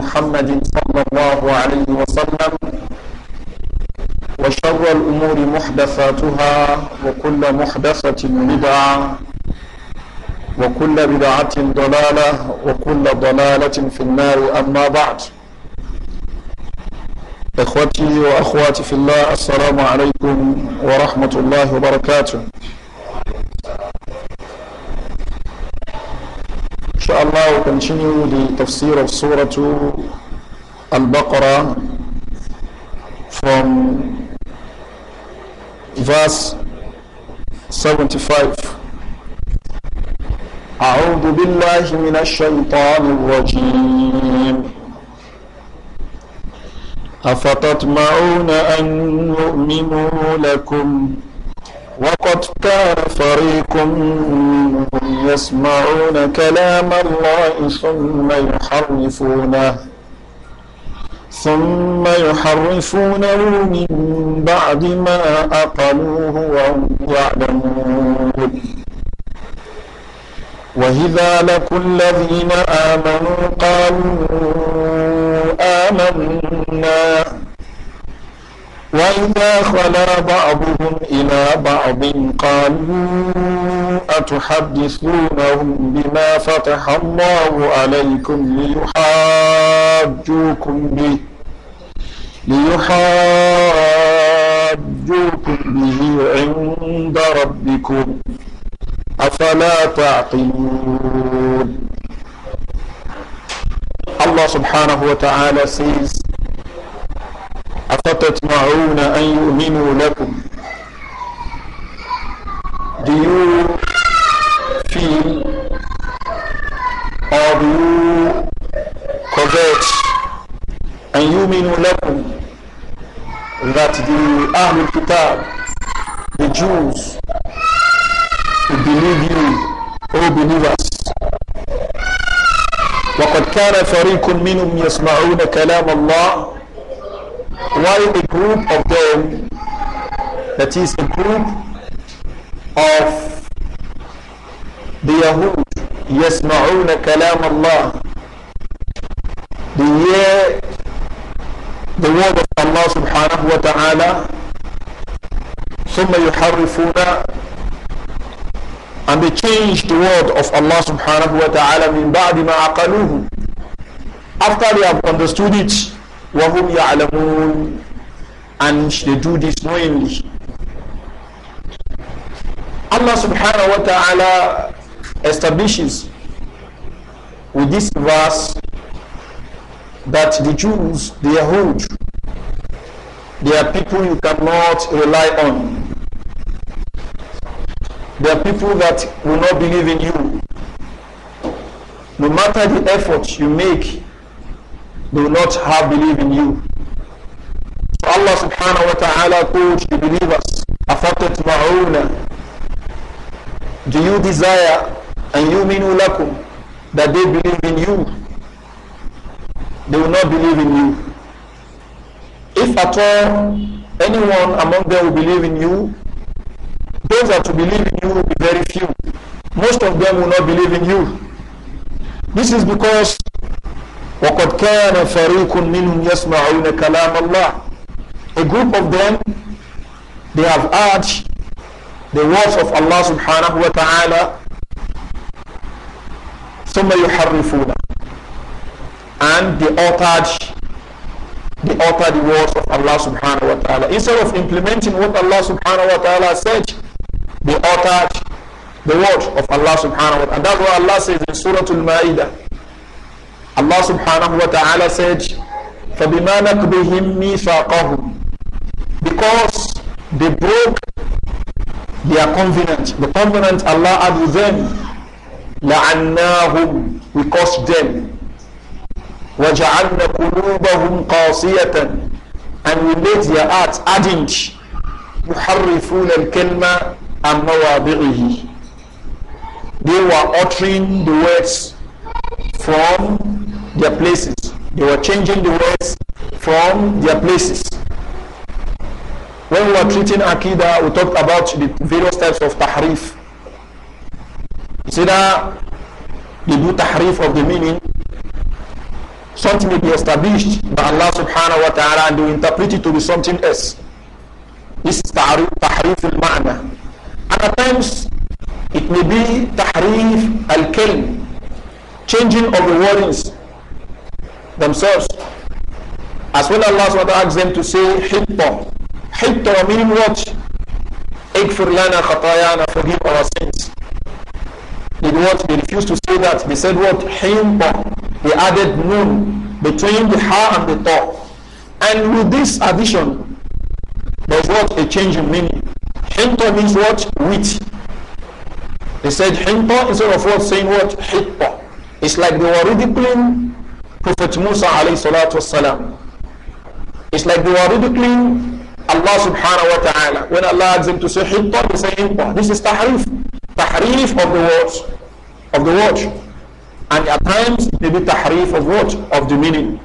محمد صلى الله عليه وسلم وشر الأمور محدثاتها وكل محدثة بدعة وكل بدعة ضلالة وكل ضلالة في النار أما بعد إخوتي وأخواتي في الله السلام عليكم ورحمة الله وبركاته continue the tafsir of Surah Al-Baqarah from verse 75 أعوذ بالله من الشيطان الرجيم أفتطمعون أن يؤمنوا لكم وقد كان فريق يسمعون كلام الله ثم يحرفونه ثم يحرفونه من بعد ما أقلوه وهم يعلمون وإذا لقوا الذين آمنوا قالوا آمنا وإذا خلا بعضهم إلى بعض قالوا تحدثونهم بما فتح الله عليكم ليحاجوكم به ليحاجوكم به عند ربكم أفلا تعقلون الله سبحانه وتعالى سيز أفتتمعون أن يؤمنوا لكم Do you feel or do you correct and you mean lakum that the Ahlul Kitab, the Jews, will believe you, O believers. وقد كان فريق منهم يسمعون كلام الله while a group of them that is a group of بيهود يسمعون كلام الله they hear the word of Allah subhanahu wa ta'ala ثم يحرفون and they change the word of Allah subhanahu wa ta'ala من بعد ما عقلوه after they have understood it وهم يعلمون and they do this knowingly Allah subhanahu wa ta'ala establishes with this verse that the Jews, they are Yahud, they are people you cannot rely on. They are people that will not believe in you. No matter the effort you make, they will not have belief in you. So Allah subhanahu wa ta'ala told the believers, Afatat ma'una. Do you desire and you mean lakum that they believe in you they will not believe in you if at all anyone among them will believe in you those that will believe in you will be very few most of them will not believe in you this is because وقد كان فريق منهم يسمعون كلام الله a group of them they have heard the words of Allah subhanahu wa ta'ala ثم يحرفون and they altered they altered the words of Allah subhanahu wa ta'ala instead of implementing what Allah subhanahu wa ta'ala said they altered the word of Allah subhanahu wa ta'ala and that's what Allah says in Surah Al-Ma'idah Allah subhanahu wa ta'ala said فَبِمَا نَكْبِهِمْ مِيثَاقَهُمْ because they broke their covenant the covenant Allah had with them لعناهم we cursed them وجعلنا قلوبهم قاسية and we made their hearts hardened يحرفون الكلمة عن مواضعه they were uttering the words from their places they were changing the words from their places when we were treating Akida we talked about the various types of tahrif See that they do tahrif of the meaning. Something may be established by Allah subhanahu wa ta'ala and they interpret it to be something else. This is tahrif al-ma'na. at times, it may be tahrif al kelm changing of the wordings themselves. As well Allah subhanahu wa ta'ala asks them to say hitta. Hitta meaning what? Igfir lana khatayana, forgive our sins. did what? They refused to say that. They said what? Himpa. They added nun between the ha and the ta. And with this addition, there's what? A change in meaning. Hinta means what? Wheat. They said hinta instead of what? Saying what? Hitta. It's like they were ridiculing Prophet Musa alayhi salatu wasalam. It's like they were ridiculing Allah subhanahu wa ta'ala. When Allah asked them to say hitta, they say hinta. This is tahrif tahrif of the words, of the word. And at times, maybe tahrif of what? Of the meaning.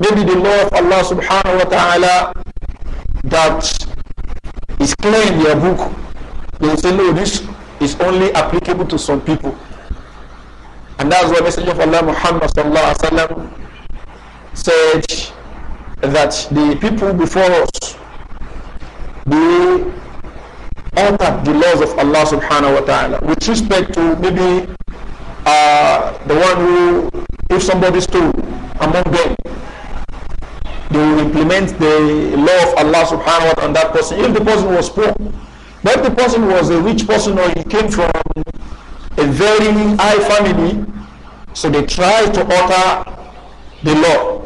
Maybe the law of Allah subhanahu wa ta'ala that is clear in your book, they will say, no, this is only applicable to some people. And that's why Messenger of Allah Muhammad sallallahu alaihi said that the people before us, they Alter the laws of Allah subhanahu wa ta'ala with respect to maybe uh, the one who, if somebody stole among them, they will implement the law of Allah subhanahu wa ta'ala on that person. If the person was poor, but if the person was a rich person or he came from a very high family, so they try to alter the law.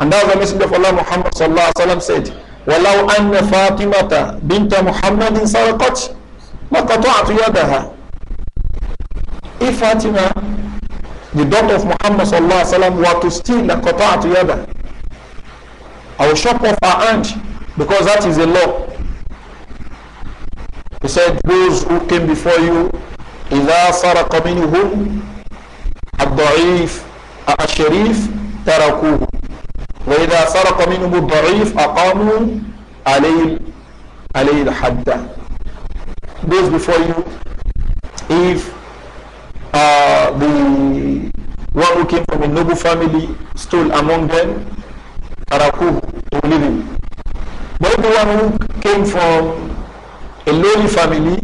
And that's the Messenger of Allah Muhammad sallallahu alaihi wasallam said, ولو أن فاطمة بنت محمد سرقت ما قطعت يدها. if fatima the daughter of muhammad صلى الله عليه وسلم, were to steal lakọtọ àtúnyàdà i will chop off her hand because that is a law he said those who came before you إذا سرق منهم الضعيف الشريف تركوه وإذا سرق منهم الضعيف أقاموا عليه عليه الحد goes before you if uh, the one who came from a noble family stole among them Araku to leave him but the one who came from a lowly family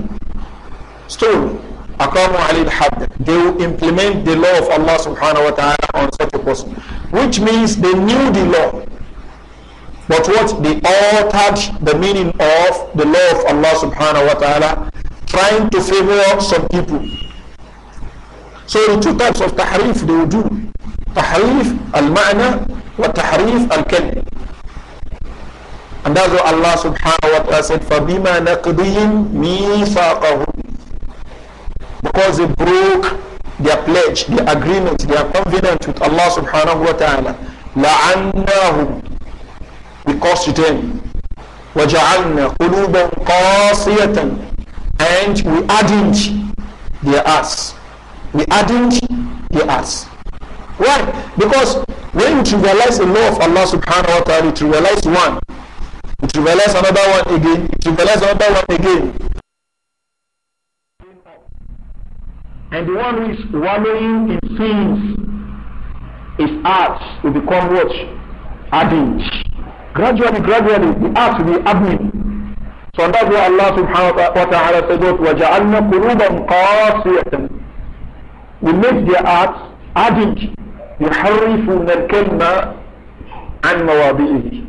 stole Akamu had. They will implement the law of Allah subhanahu wa ta'ala on such a person. Which means they knew the law. But what? They altered the meaning of the law of Allah subhanahu wa ta'ala, trying to favor some people. So the two types of tahrif they will do. Tahrif al-ma'na wa tahrif al-kalim. And that's what Allah subhanahu wa ta'ala said, فَبِمَا نَقْضِهِمْ because they broke their pledge, their agreement, their covenant with Allah subhanahu wa ta'ala. لَعَنَّاهُمْ We cursed them. وَجَعَلْنَا قُلُوبًا قَاسِيَةً And we added their ass. We added their ass. Why? Because when you trivialize the law of Allah subhanahu wa ta'ala, you trivialize one, you trivialize another one again, you trivialize another one again, And the one who is wallowing in sins, his heart will become what? Hardened. Gradually, gradually, the heart will be hardening. So that's why Allah subhanahu wa ta'ala said, وَجَعَلْنَا قُلُوبًا قَاسِيَةً We make their hearts hardened. يحرفون الكلمة عن مواضعه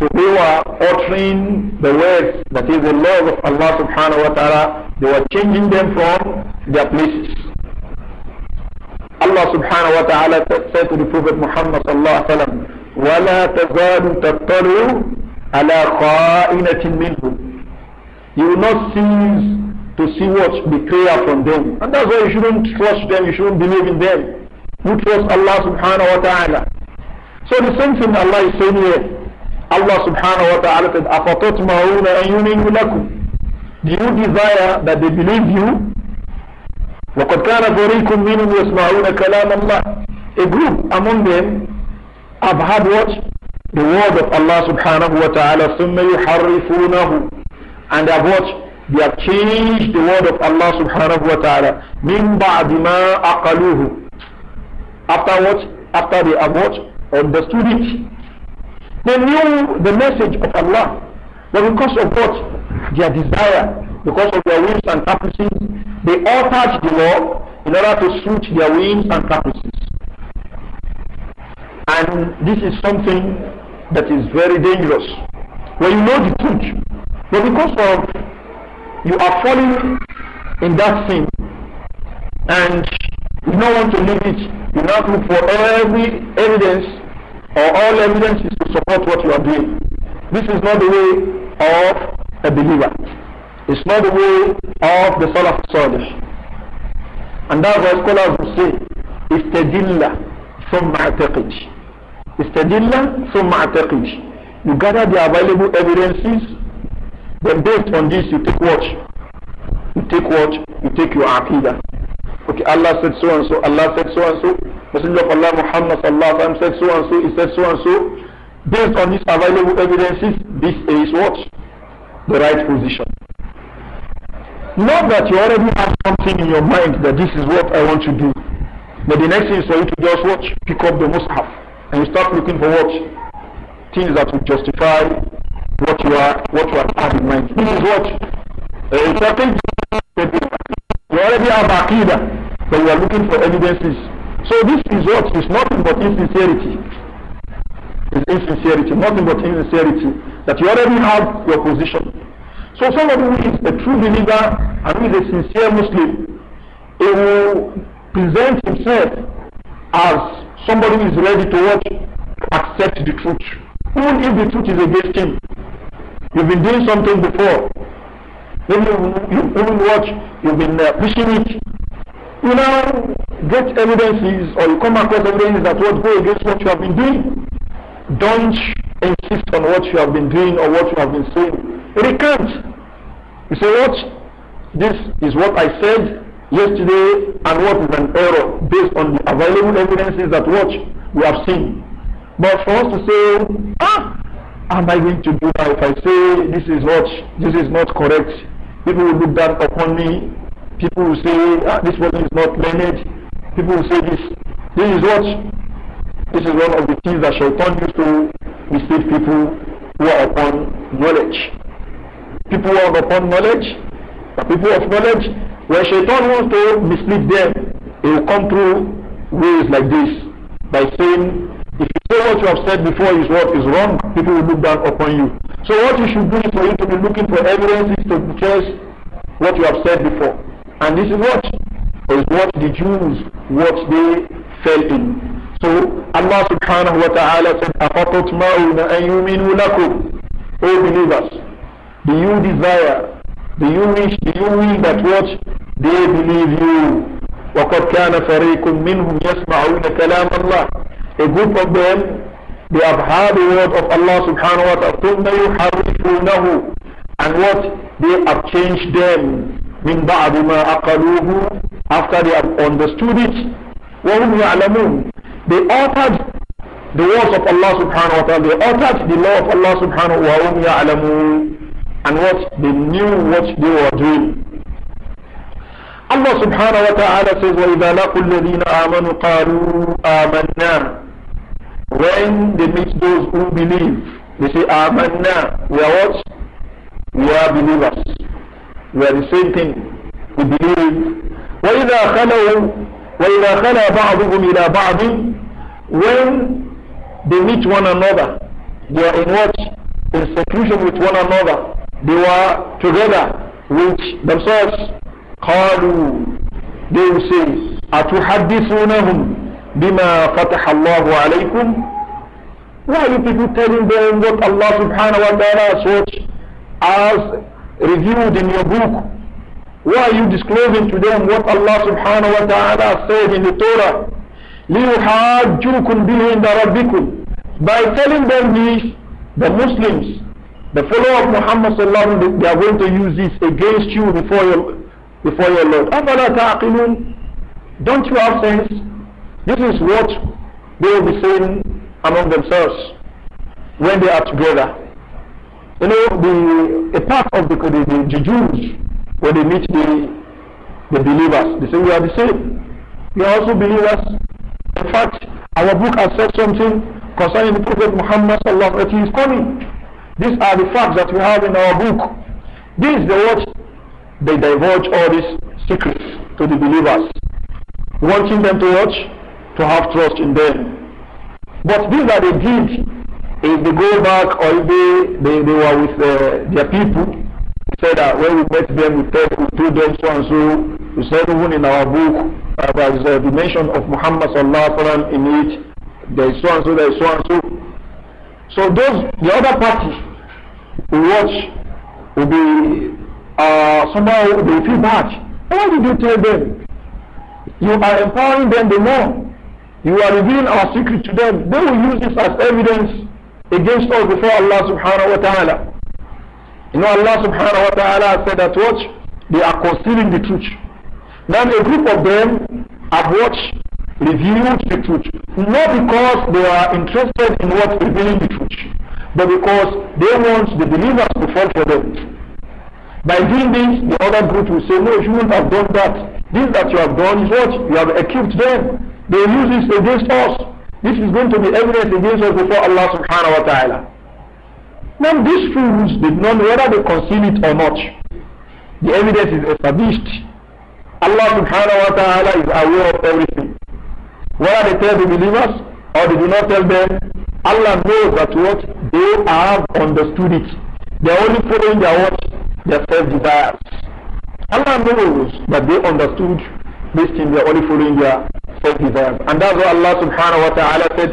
So they were altering the words, that is the laws of Allah subhanahu wa ta'ala. They were changing them from their places. Allah subhanahu wa ta'ala said to the Prophet Muhammad sallallahu alayhi wa sallam, وَلَا تَزَالُ تَطَّلُوا عَلَى خَائِنَةٍ مِّنْهُمْ You will not cease to see what betrayal from them. And that's why you shouldn't trust them, you shouldn't believe in them. You trust Allah subhanahu wa ta'ala. So the same thing Allah is saying here. Allah subhanahu wa ta'ala said, أَفَطَطْمَعُونَ أَنْ يُؤْمِنُوا لَكُمْ Do you desire that they believe you? وَقَدْ كَانَ فَرِيقٌ مِّنْهُمْ يَسْمَعُونَ كَلَامَ اللَّهِ A group among them have had what? The word of Allah subhanahu wa ta'ala ثُمَّ يُحَرِّفُونَهُ And they have what? They have changed the word of Allah subhanahu wa ta'ala مِنْ بَعْدِ مَا أَقَلُوهُ After what? After they have what? Understood it They knew the message of Allah, but because of what? Their desire, because of their whims and caprices, they altered the law in order to suit their whims and caprices. And this is something that is very dangerous. When you know the truth, but because of you are falling in that sin and you don't want to leave it, you not look for every evidence or all evidences to support what you are doing. This is not the way of a believer. It's not the way of the Salaf Salih. And that's why scholars will say, Istadilla from ma'ataqid. Istadilla from ma'ataqid. You gather the available evidences, then based on this you take watch. You take what? You take your aqidah. Okay, Allah said so and so, Allah said so and so, Messenger of Allah Muhammad sallallahu alayhi wa said so and so, he said so and so. Based on these available evidences, this is what? The right position. Not that you already have something in your mind that this is what I want to do. But the next thing is for you to just watch, pick up the mushaf, and you start looking for what? Things that will justify what you are, what you are having in mind. This is what certain wherever you have aqidah, but we are looking for evidences. So this result is nothing but insincerity. It's insincerity, nothing but insincerity. That you already have your position. So somebody who is a true believer and who is a sincere Muslim, he will present himself as somebody who is ready to what? Accept the truth. Even if the truth is against him. You've been doing something before when you even watch, you've been uh, pushing it. You now get evidences or you come across evidences that what go against what you have been doing. Don't insist on what you have been doing or what you have been saying. Recant. You say, what? This is what I said yesterday and what is an error based on the available evidences that what we have seen. But for us to say, ah, am I going to do that if I say this is what, this is not correct? People will look down upon me. People will say, ah, this person is not learned. People will say this. This is what? This is one of the things that Shaitan used to mislead people who are upon knowledge. People who are upon knowledge, the people of knowledge, when Shaitan wants to mislead them, he will come through ways like this by saying If you say what you have said before is what is wrong, people will look down upon you. So what you should do is for you to be looking for evidence to test what you have said before. And this is what is what the Jews, what they fell in. So Allah subhanahu wa ta'ala said, أَفَتُطْمَعُونَ O believers, do you desire, do you wish, do you will that what they believe you? وَقَدْ كَانَ فَرِيقٌ مِّنْهُمْ يَسْمَعُونَ كَلَامَ اللَّهِ a group of them, they have heard the word of Allah subhanahu wa ta'ala, and what they have changed them من بعد ما أقلوه after they have understood it وهم يعلمون they uttered the words of Allah subhanahu wa ta'ala they uttered the law of Allah subhanahu wa وهم يعلمون and what they knew what they were doing Allah subhanahu wa ta'ala says وإذا لقوا الذين آمنوا قالوا آمنا when they meet those who believe, they say, Amanna, we are what? We are believers. We are the same thing. We believe. وَإِذَا خَلَوْا وَإِذَا خَلَى بَعْضُهُمْ إِلَى بَعْضٍ When they meet one another, they are in what? In seclusion with one another. They were together with themselves. قَالُوا They will say, أَتُحَدِّثُونَهُمْ bima Allahu alaykum. Why are you people telling them what Allah subhanahu wa ta'ala said as revealed in your book? Why are you disclosing to them what Allah subhanahu wa ta'ala said in the Torah? لِيُحَاجُّكُمْ بِهِ عِنْدَ رَبِّكُمْ By telling them this, the Muslims, the follower of Muhammad sallallahu alaihi wasallam, they are going to use this against you before your, before your Lord. أَفَلَا تَعْقِلُونَ Don't you have sense? This is what they will be saying among themselves when they are together. You know, the a part of the the, the, the Jews when they meet the the believers, they say we are the same. We are also believers. In fact, our book has said something concerning the Prophet Muhammad sallallahu alaihi wasallam. He is coming. These are the facts that we have in our book. This is the what they divulge all these secrets to the believers, wanting them to watch to have trust in them. But these that they did, if they go back or if they, they, they were with uh, their people, said that when we met them, we told, we told them so and so. We said even in our book, uh, there is a dimension of Muhammad sallallahu alaihi wasallam in it. There is so and so, there is so and so. So those, the other party, we watch, will be uh, somehow they feel bad. Why did you tell them? You are empowering them the more. You are revealing our secret to them. They will use this as evidence against us before Allah subhanahu wa ta'ala. You know Allah subhanahu wa ta'ala said that watch, they are concealing the truth. Then a group of them have watched, revealed the truth. Not because they are interested in what revealing the truth, but because they want the believers to fall for them. By doing this, the other group will say, no, you shouldn't have done that. This that you have done is what? You have equipped them. They use this against us. This is going to be evidence against us before Allah subhanahu wa ta'ala. Now these fools did not know whether they conceal it or not. The evidence is established. Allah subhanahu wa ta'ala is aware of everything. Whether they tell the believers or they do not tell them, Allah knows that what they have understood it. They are only following their what? Their self-desires. Allah knows that they understood this thing, they are only following their they deserve. And that's why Allah subhanahu wa ta'ala said,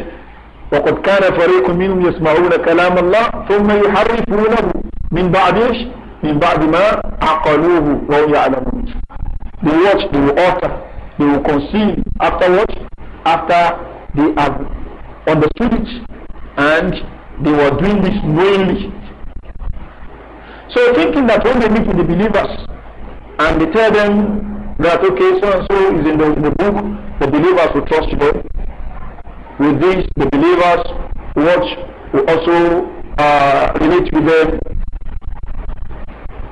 وَقَدْ كَانَ فَرِيقٌ مِّنْهُمْ يَسْمَعُونَ كَلَامَ اللَّهِ ثُمَّ يُحَرِّفُونَهُ مِنْ بَعْدِ إيش؟ مِنْ بَعْدِ مَا عَقَلُوهُ وَهُمْ يَعْلَمُونَ They watch, they will utter, they will conceal. After what? After they have understood it and they were doing this knowingly. So thinking that when they meet with the believers and they tell them that okay, so and so is in the, in the book, the believers will trust them. With this, the believers watch will also uh, relate with them.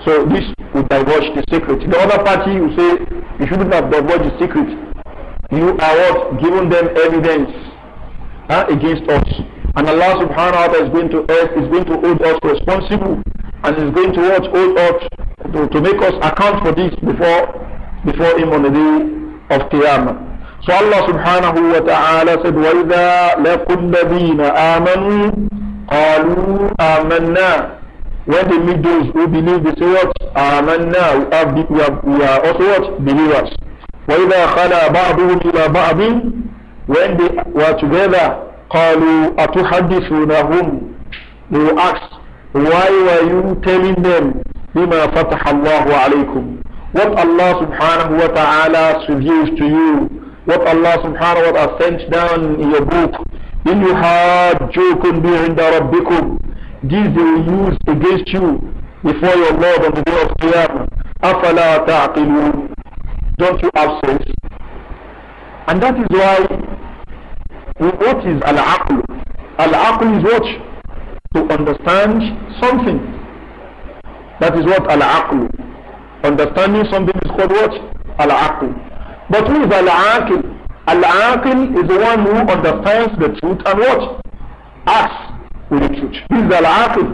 So this will divulge the secret. The other party will say, you shouldn't have divulged the secret. You are what? Giving them evidence against us. And Allah subhanahu wa ta'ala is going to earth. is going to hold us responsible and is going to what? Hold us to, to make us account for this before before him on the day of Qiyamah. So Allah subhanahu wa ta'ala said, وَإِذَا لَقُوا الَّذِينَ آمَنُوا قَالُوا آمَنَّا When they meet those who believe, they say what? آمَنَّا We, have, we, have, we are also what? Believers. وَإِذَا خَلَى بَعْضُهُمْ إِلَى بَعْضٍ When they were together, قَالُوا أَتُحَدِّثُونَهُمْ They were asked, why were you telling them بِمَا فَتَحَ اللَّهُ عَلَيْكُمْ what Allah subhanahu wa ta'ala reveals to you, what Allah subhanahu wa ta'ala sent down in your book. إِنْ يُحَاجُّكُمْ بِهِنْدَ رَبِّكُمْ These they will use against you before your Lord on the day of Qiyamah. أَفَلَا تَعْقِلُونَ Don't you have sense? And that is why what is al-aql? Al-aql is what? To understand something. That is what al-aql. Understanding something is called what? Al-Aql. But who is Al-Aql? Al-Aql is the one who understands the truth and what? Acts with the truth. This is Al-Aql.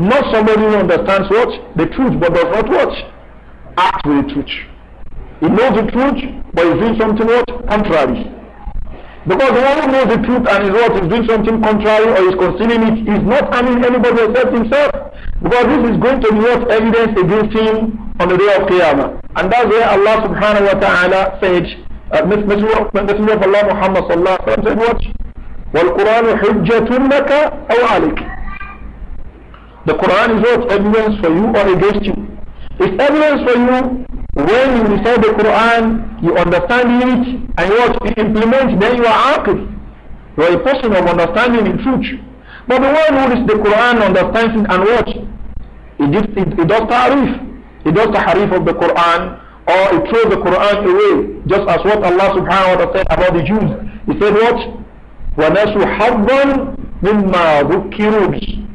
Not somebody who understands what? The truth, but does not what? Act with the truth. He knows the truth, but he's doing something what? Contrary. Because the one who knows the truth and is what is doing something contrary or is concealing it is not harming anybody except himself. Because this is going to be what evidence against him on the day of Qiyamah. And that's where Allah subhanahu wa ta'ala said, uh, Messenger of Allah Muhammad sallallahu alayhi wa sallam said what? وَالْقُرْآنُ حُجَّةٌ The Quran is what? Evidence for you or against you. It's evidence for you when you recite the Quran, you understand it, and what you implement, then you are aqib. You are a person of understanding in truth. But the one who reads the Quran understands it and what He, does ta'rif. He does ta'rif of the Quran or he throws the Quran away just as what Allah subhanahu wa ta'ala said about the Jews. He said what? وَنَسُوا حَظًّا مِمَّا ذُكِّرُوا بِهِ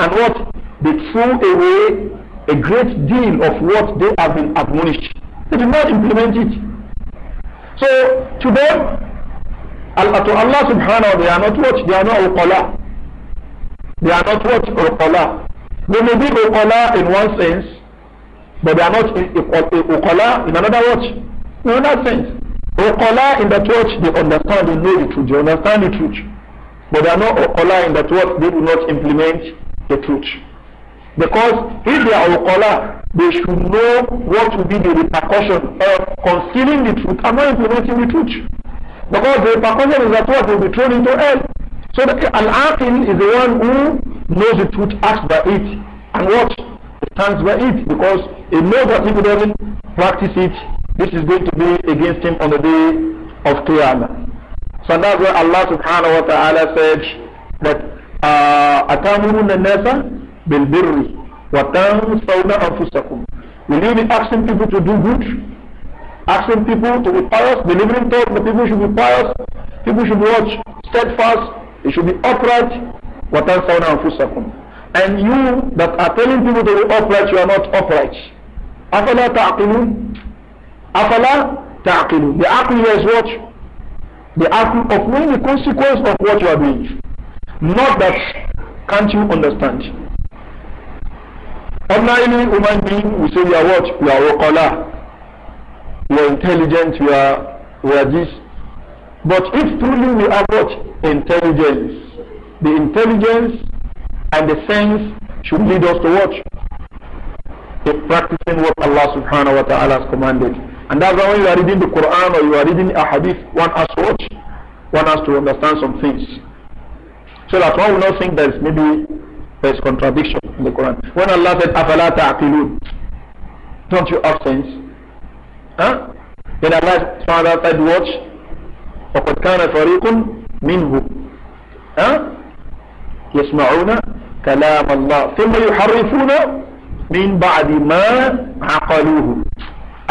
And what? They threw away a great deal of what they have been admonished. They did not implement it. So to them, to Allah subhanahu wa ta'ala, they are not what? They are not uqala. They are not what? Uqala. They may be ukola in one sense, but they are not ukola in another watch. In another sense, ukola in that church they understand they know the truth. They understand the truth, but they are not ukola in that church. They do not implement the truth. Because if they are ukola, they should know what will be the repercussion of concealing the truth and not implementing the truth. Because the repercussion is that what will be thrown into hell. So the, an aqil is the one who knows the truth, acts by it, and what? Stands by it, because he knows that if he doesn't practice it, this is going to be against him on the day of Qiyamah. So that's why Allah subhanahu wa ta'ala said that أَتَامُرُونَ النَّاسَ بِالْبِرِّ وَتَنْسَوْنَ أَنفُسَكُمْ Will you be asking people to do good? asking people to be pious, delivering thought, the people should be pious, people should watch Steadfast, they should be upright, وَتَنْسَوْنَ أَنفُسَكُمْ And you that are telling people to be upright, you are not upright. أَفَلَا تَعْقِلُونَ أَفَلَا تَعْقِلُونَ The aql is what? The aql of knowing the consequence of what you are doing. Not that can't you understand. Ordinarily, human being, we say we are what? We are wakala. We are intelligent, we are, we are this. But if truly we are what? Intelligence. the intelligence and the sense should lead us to watch in practicing what Allah subhanahu wa ta'ala has commanded. And that's why when you are reading the Quran or you are reading a hadith, one has to watch, one has to understand some things. So that one will not think there's maybe there's contradiction in the Quran. When Allah said, Afala ta'qilun, don't you have sense? Huh? Then Allah subhanahu wa ta'ala said, watch, فَقَدْ كَانَ فَرِيقٌ مِنْهُ Huh? يسمعون كلام الله ثم يحرفون من بعد ما عقلوه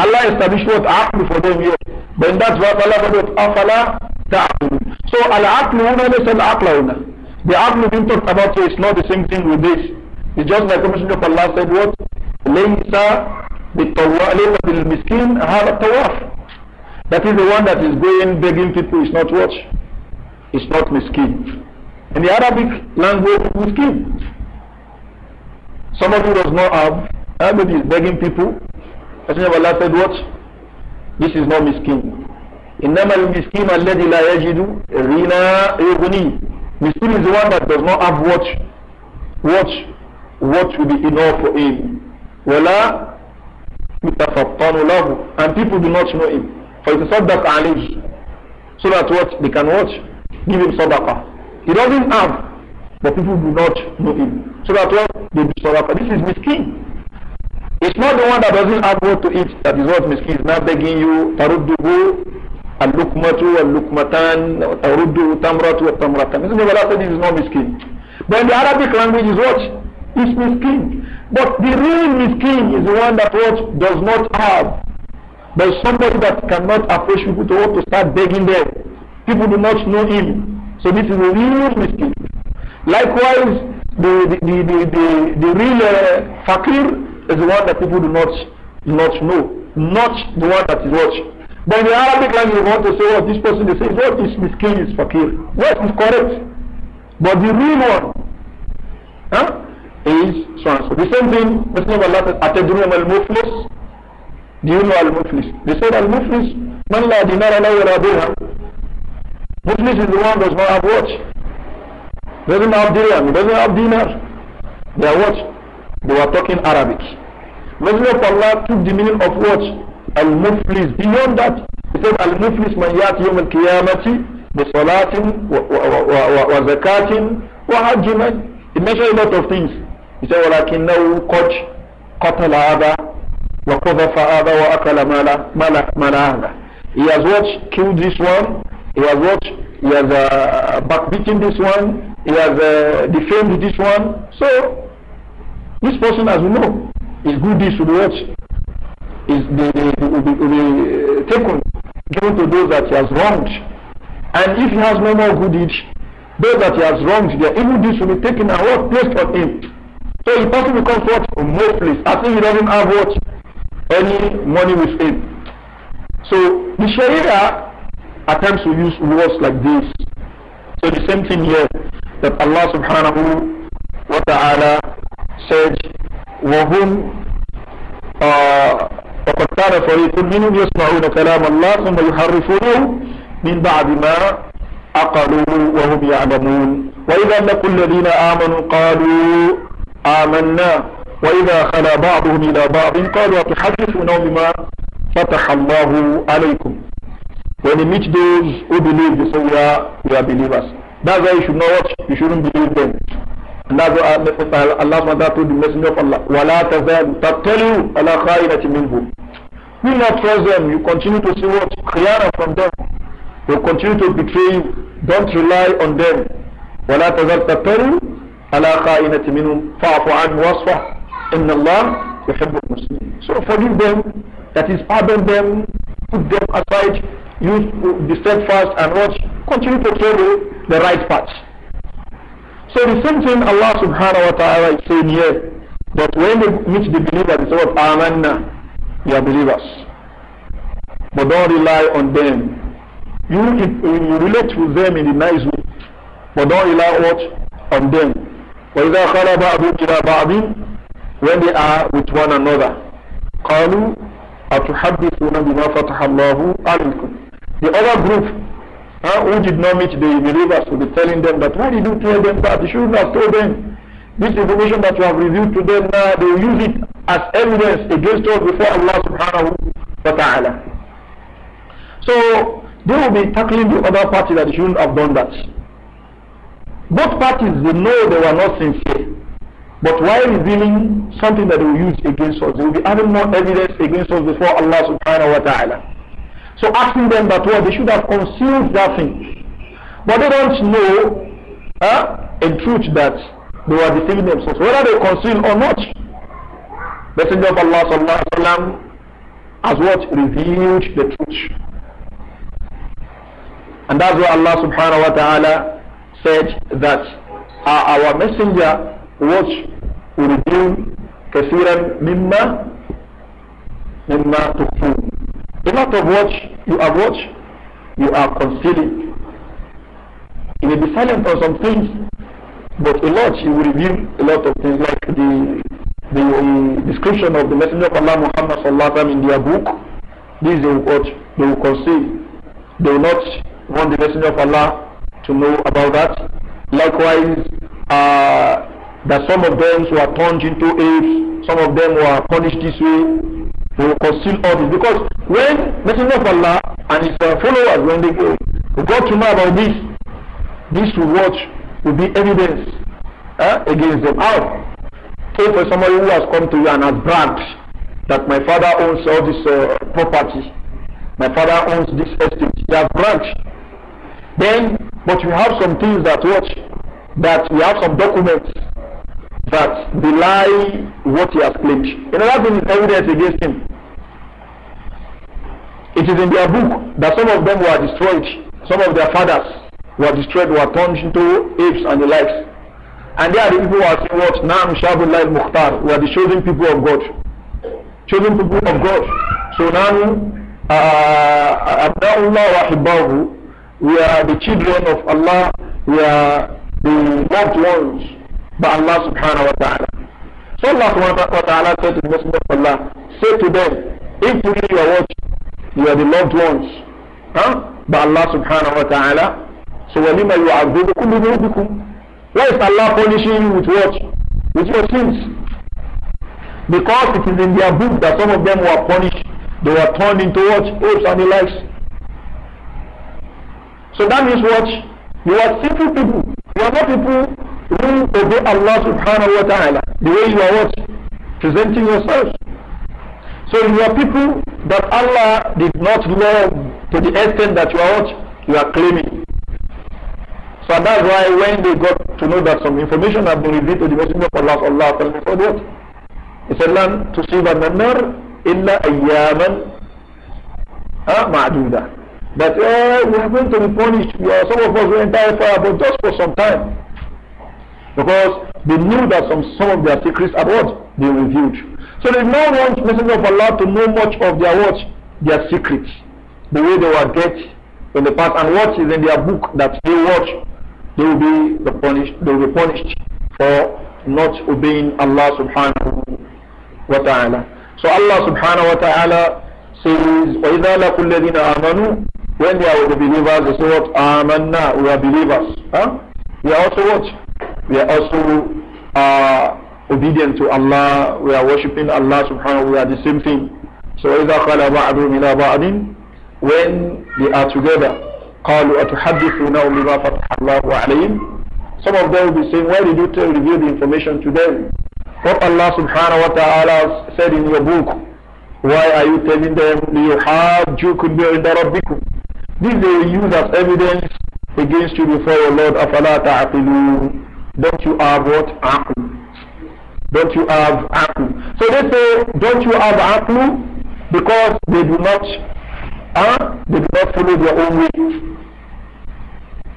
الله يستبيش what عقل for them here but that's what Allah said أفلا تعقل so العقل هنا ليس العقل هنا the عقل being talked about here is not the same thing with this it's just like the Messenger of Allah said what ليس بالطواف بالمسكين هذا الطواف that is the one that is going begging people is not what is not miskin In the Arabic language, we skip. Somebody does not have, and uh, maybe is begging people. Messenger of Allah said, What? This is not miskin. إنما المسكين الذي لا يجد غنى يغني Miskin is the one that does not have what what what will be enough for him ولا يتفطن له and people do not know him for it is صدق عليه so that what they can watch give him صدقه He doesn't have, but people do not know him. So that's what they do sadaqah. This is miskin. It's not the one that doesn't have what to eat that is what miskin is not begging you. Tarudduhu al-lukmatu al-lukmatan tarudduhu tamratu al-tamratan. Isn't it? This is not miskin. But in the Arabic language is what? It's miskin. But the real miskin is the one that what does not have. But somebody that cannot approach people to, to start begging them. People do not know him. So this is a real miskin. Likewise, the, the, the, the, the, the real uh, fakir is the one that people do not, not know. Not the one that is watched. But in the Arabic language, you want to say what oh, this person, they say, what is miskin is fakir. What is correct? But the real one huh, is so and so. The same thing, the name of Allah says, Atadrum al-Muflis. Do you know al-Muflis? They said al-Muflis, man la dinara la dirham. Muslim is the one does not have watch. Doesn't have dirham, doesn't have dinar. They are watch. They were talking Arabic. Messenger of Allah took the meaning of watch Al-Muflis. Beyond that, he said Al-Muflis mayat yati yawm al-qiyamati bisalatin wa, wa, zakatin wa hajjiman. He mentioned a lot of things. He said وَلَكِنَّهُ قَدْ قَتَلَ ada, وَقَذَفَ هَذَا وَأَكَلَ مَالَ مَالَ هَذَا He has watch. Killed this one he has what? He has uh, backbeaten this one. He has uh, defamed this one. So, this person, as we know, is good This should watch is the, will be uh, taken, given to those that he has wronged. And if he has no more good deeds, those that he has wronged, their evil deeds will be taken and what placed on him. So the person becomes what? Hopeless. I think he doesn't have what? Any money with him. So the Sharia At times we use words like this. So the same thing here that Allah subhanahu wa ta'ala said, وَهُمْ آه، وقد كان فريق منهم يسمعون كلام الله ثم يحرفونه من بعد ما عقلوا وهم يعلمون وإذا لقوا الذين آمنوا قالوا آمنا وإذا خلا بعضهم إلى بعض قالوا أتحدثونهم بما فتح الله عليكم When you meet those who believe, they say, we are, we are believers. That's why you should not watch, you shouldn't believe them. And that's why Allah, Allah SWT told the Messenger of Allah, وَلَا تَزَادُ تَبْتَلِيُوا عَلَى خَائِنَةٍ مِنْهُمْ Do not trust them. You continue to see what? Khiyana from them. They continue to betray you. Don't rely on them. وَلَا تَزَادُ تَبْتَلِيُوا عَلَى خَائِنَةٍ مِنْهُمْ فَعْفُ عَنْهُ وَاصْفَحْ إِنَّ اللَّهَ يُحِبُّ الْمُسْلِمِينَ So forgive them, that is pardon them, put them aside, you be steadfast and watch, continue to follow the right path. So the same thing Allah subhanahu wa ta'ala is saying here, that when they meet the believers, they say, Amanna, you are believers. But don't rely on them. You, you relate with them in a nice way, but don't rely what? on them. وَإِذَا When they are with one another. قَالُوا أَتُحَدِّثُونَ بِمَا فَتَحَ اللَّهُ عَلَيْكُمْ the other group uh, who did not meet the believers will be telling them that why did you tell them that? You shouldn't have told them. This information that you have revealed to them now, they will use it as evidence against us before Allah subhanahu wa ta'ala. So they will be tackling the other party that shouldn't have done that. Both parties, they know they were not sincere. But why revealing something that they will use against us? They will be adding more evidence against us before Allah subhanahu wa ta'ala. So asking them that what they should have concealed that thing. But they don't know huh, in truth that they were deceiving themselves, whether they conceal or not. Messenger of Allah sallallahu alaihi wasallam has what revealed the truth. And that's why Allah subhanahu wa ta'ala said that uh, our messenger was revealed كثيرا مما مما تخفون a lot of what you have what you are concealing. You may be silent on some things, but a lot you will reveal a lot of things like the the description of the Messenger of Allah Muhammad sallam in their book. These they will what they will conceal. They will not want the Messenger of Allah to know about that. Likewise, uh, that some of them were turned into apes, some of them were punished this way, they will conceal all this. Because when Messenger of Allah and his uh, followers, when they go, to know about this, this watch will be evidence eh, against them. How? If for somebody who has come to you and has bragged that my father owns all this uh, property, my father owns this estate, he has bragged. Then, but we have some things that watch, that we have some documents that belie what he has claimed. Another thing is evidence against him. It is in their book that some of them were destroyed, some of their fathers were destroyed, were turned into apes and the likes. And there are the people who are saying what? Naam Shabullah Mukhtar. We are the chosen people of God. Chosen people of God. So now, uh, uh, Abdullah wa we are the children of Allah. We are the loved ones by Allah subhanahu wa ta'ala. So Allah subhanahu wa ta'ala said to the Messenger of Allah, say to them, if you are what we are the loved ones huh? by Allah subhanahu wa ta'ala so walima yu'adhibukum bi dhunubikum why is Allah punishing you with what with your sins because it is in their book that some of them were punished they were turned into what apes and the likes so that means what you are simple people you are not people who obey Allah subhanahu wa ta'ala the way you are what presenting yourself So you are people that Allah did not love to the extent that you are what? You are claiming. So that's why when they got to know that some information had been revealed to the Messenger of Allah, Allah told me for what? He said, Lan tusiba nanar illa ayyaman ah, ma'duda. That eh, oh, we are going to be punished. We are, some of us will enter fire, but just for some time. Because they knew that some, some of their secrets are what? They revealed. So they no one want Messenger of Allah to know much of their watch, Their secrets. The way they were get in the past and what is in their book that they watch, they will be the punished they will be punished for not obeying Allah subhanahu wa ta'ala. So Allah subhanahu wa ta'ala says, وَإِذَا لَقُوا الَّذِينَ آمَنُوا When they are with the believers, they say what? We are believers. Huh? We are also what? We are also uh, obedient to Allah, we are worshipping Allah subhanahu wa ta'ala, the same thing. So إِذَا قَالَ بَعْضُهُمْ إِلَى بَعْضٍ When they are together, قَالُوا أَتُحَدِّثُونَهُمْ بِمَا فَتَحَ اللَّهُ عَلَيْهِمْ Some of them will be saying, why did you tell, reveal the information to them? What Allah subhanahu wa ta'ala said in your book, why are you telling them, لِيُحَاجُّكُمْ بِعِنْدَ رَبِّكُمْ This they will use as evidence against you before your Lord. أَفَلَا تَعْقِلُونَ Don't you have what? عَقْلٌ don't you have aql? So they say, don't you have aql? Because they do not, huh? they do not follow their own way.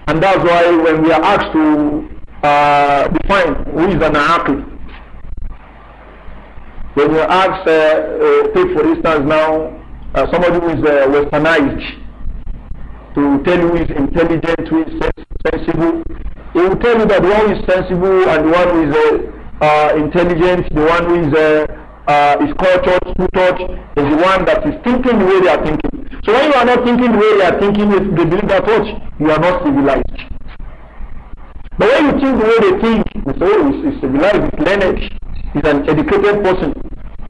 And that's why when we are asked to uh, define who is an aql, when you ask, uh, uh, take for instance now, uh, somebody who is uh, westernized, to tell who is intelligent, who is sensible, he will tell you that one is sensible and one is uh, uh, intelligent, the one who is, uh, uh, is cultured, too tutored, is the one that is thinking the way they are thinking. So when you are not thinking the way they are thinking, they believe that what? Oh, you are not civilized. But when you think the way they think, you say, oh, it's, it's civilized, it's learned, it's an educated person.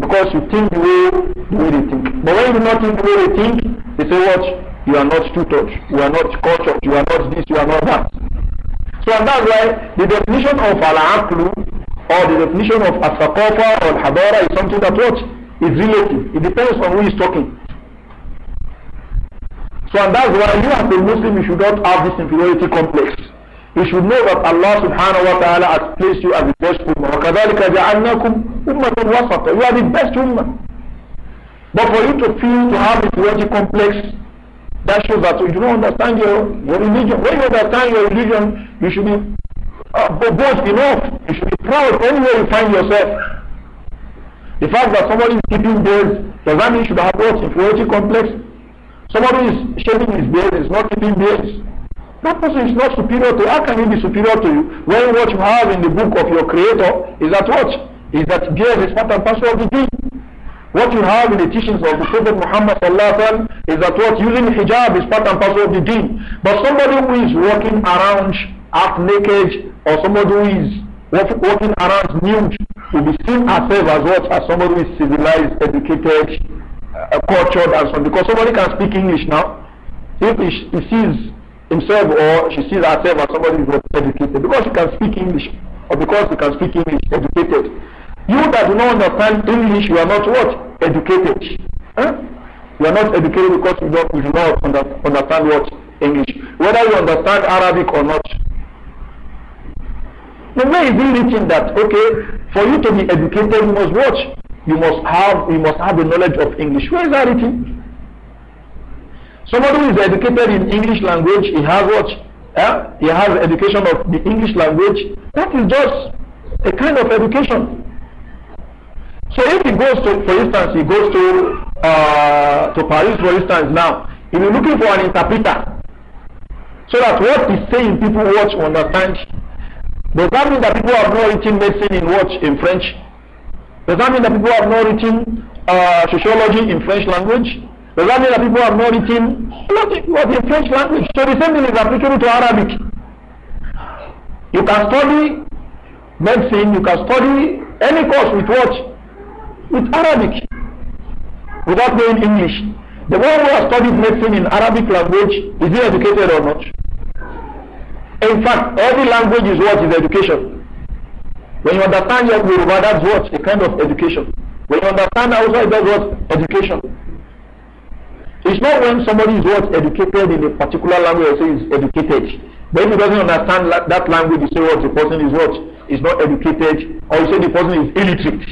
Because you think the way, the way they think. But when you do not think the way they think, they say what? You are not too tutored, you are not cultured, you are not this, you are not that. So and that's why the definition of al-aqlu or the definition of asakafa or hadara is something that what is relative. It depends on who is talking. So and that's why you as a Muslim you should not have this inferiority complex. You should know that Allah subhanahu wa ta'ala has placed you as the best woman. ummah. وَكَذَلِكَ جَعَلْنَاكُمْ أُمَّةً وَسَطًا You are the best woman. But for you to feel to have inferiority complex, that shows that you do not understand your, your religion. When you understand your religion, you should be Ah, but boast enough. You should be proud anywhere you find yourself. The fact that somebody is keeping beards, does that mean you should have what? Inferiority complex? Somebody is shaving his beard, is not keeping beards. That person is not superior to you. How can he be superior to you when what you have in the book of your creator is that what? Is that beard is part and parcel of the deen. What you have in the teachings of the Prophet Muhammad sallam, is that what? Using hijab is part and parcel of the deen. But somebody who is walking around half naked or somebody who is walking around nude will be seen as safe as what as somebody who is civilized, educated, uh, cultured and so on. Because somebody can speak English now. If he, he sees himself or she sees herself as somebody who is educated because she can speak English or because she can speak English, educated. You that do not understand English, you are not what? Educated. Huh? You are not educated because you, don't, you do not understand what? English. Whether you understand Arabic or not, But where is he reaching that? Okay, for you to be educated, you must watch. You must have you must have the knowledge of English. Where is that written? Somebody who is educated in English language, he has watch. Eh? He has education of the English language. That is just a kind of education. So if he goes to, for instance, he goes to uh, to Paris, for instance, now, he is looking for an interpreter, so that what he's saying, people watch, understand. Does that mean that people have not written medicine in what? In French? Does that mean that people have not written uh, sociology in French language? Does that mean that people have not written what in French language? So the same thing is applicable to Arabic. You can study medicine, you can study any course with what? With Arabic. Without knowing English. The one who has studied medicine in Arabic language, is he educated or not? In fact, every language is what is education. When you understand your Yoruba, that's what? A kind of education. When you understand Hausa, that's what? Education. It's not when somebody is what? Educated in a particular language, say is educated. But if he doesn't understand la that language, you say what? The person is what? Is not educated. Or you say the person is illiterate.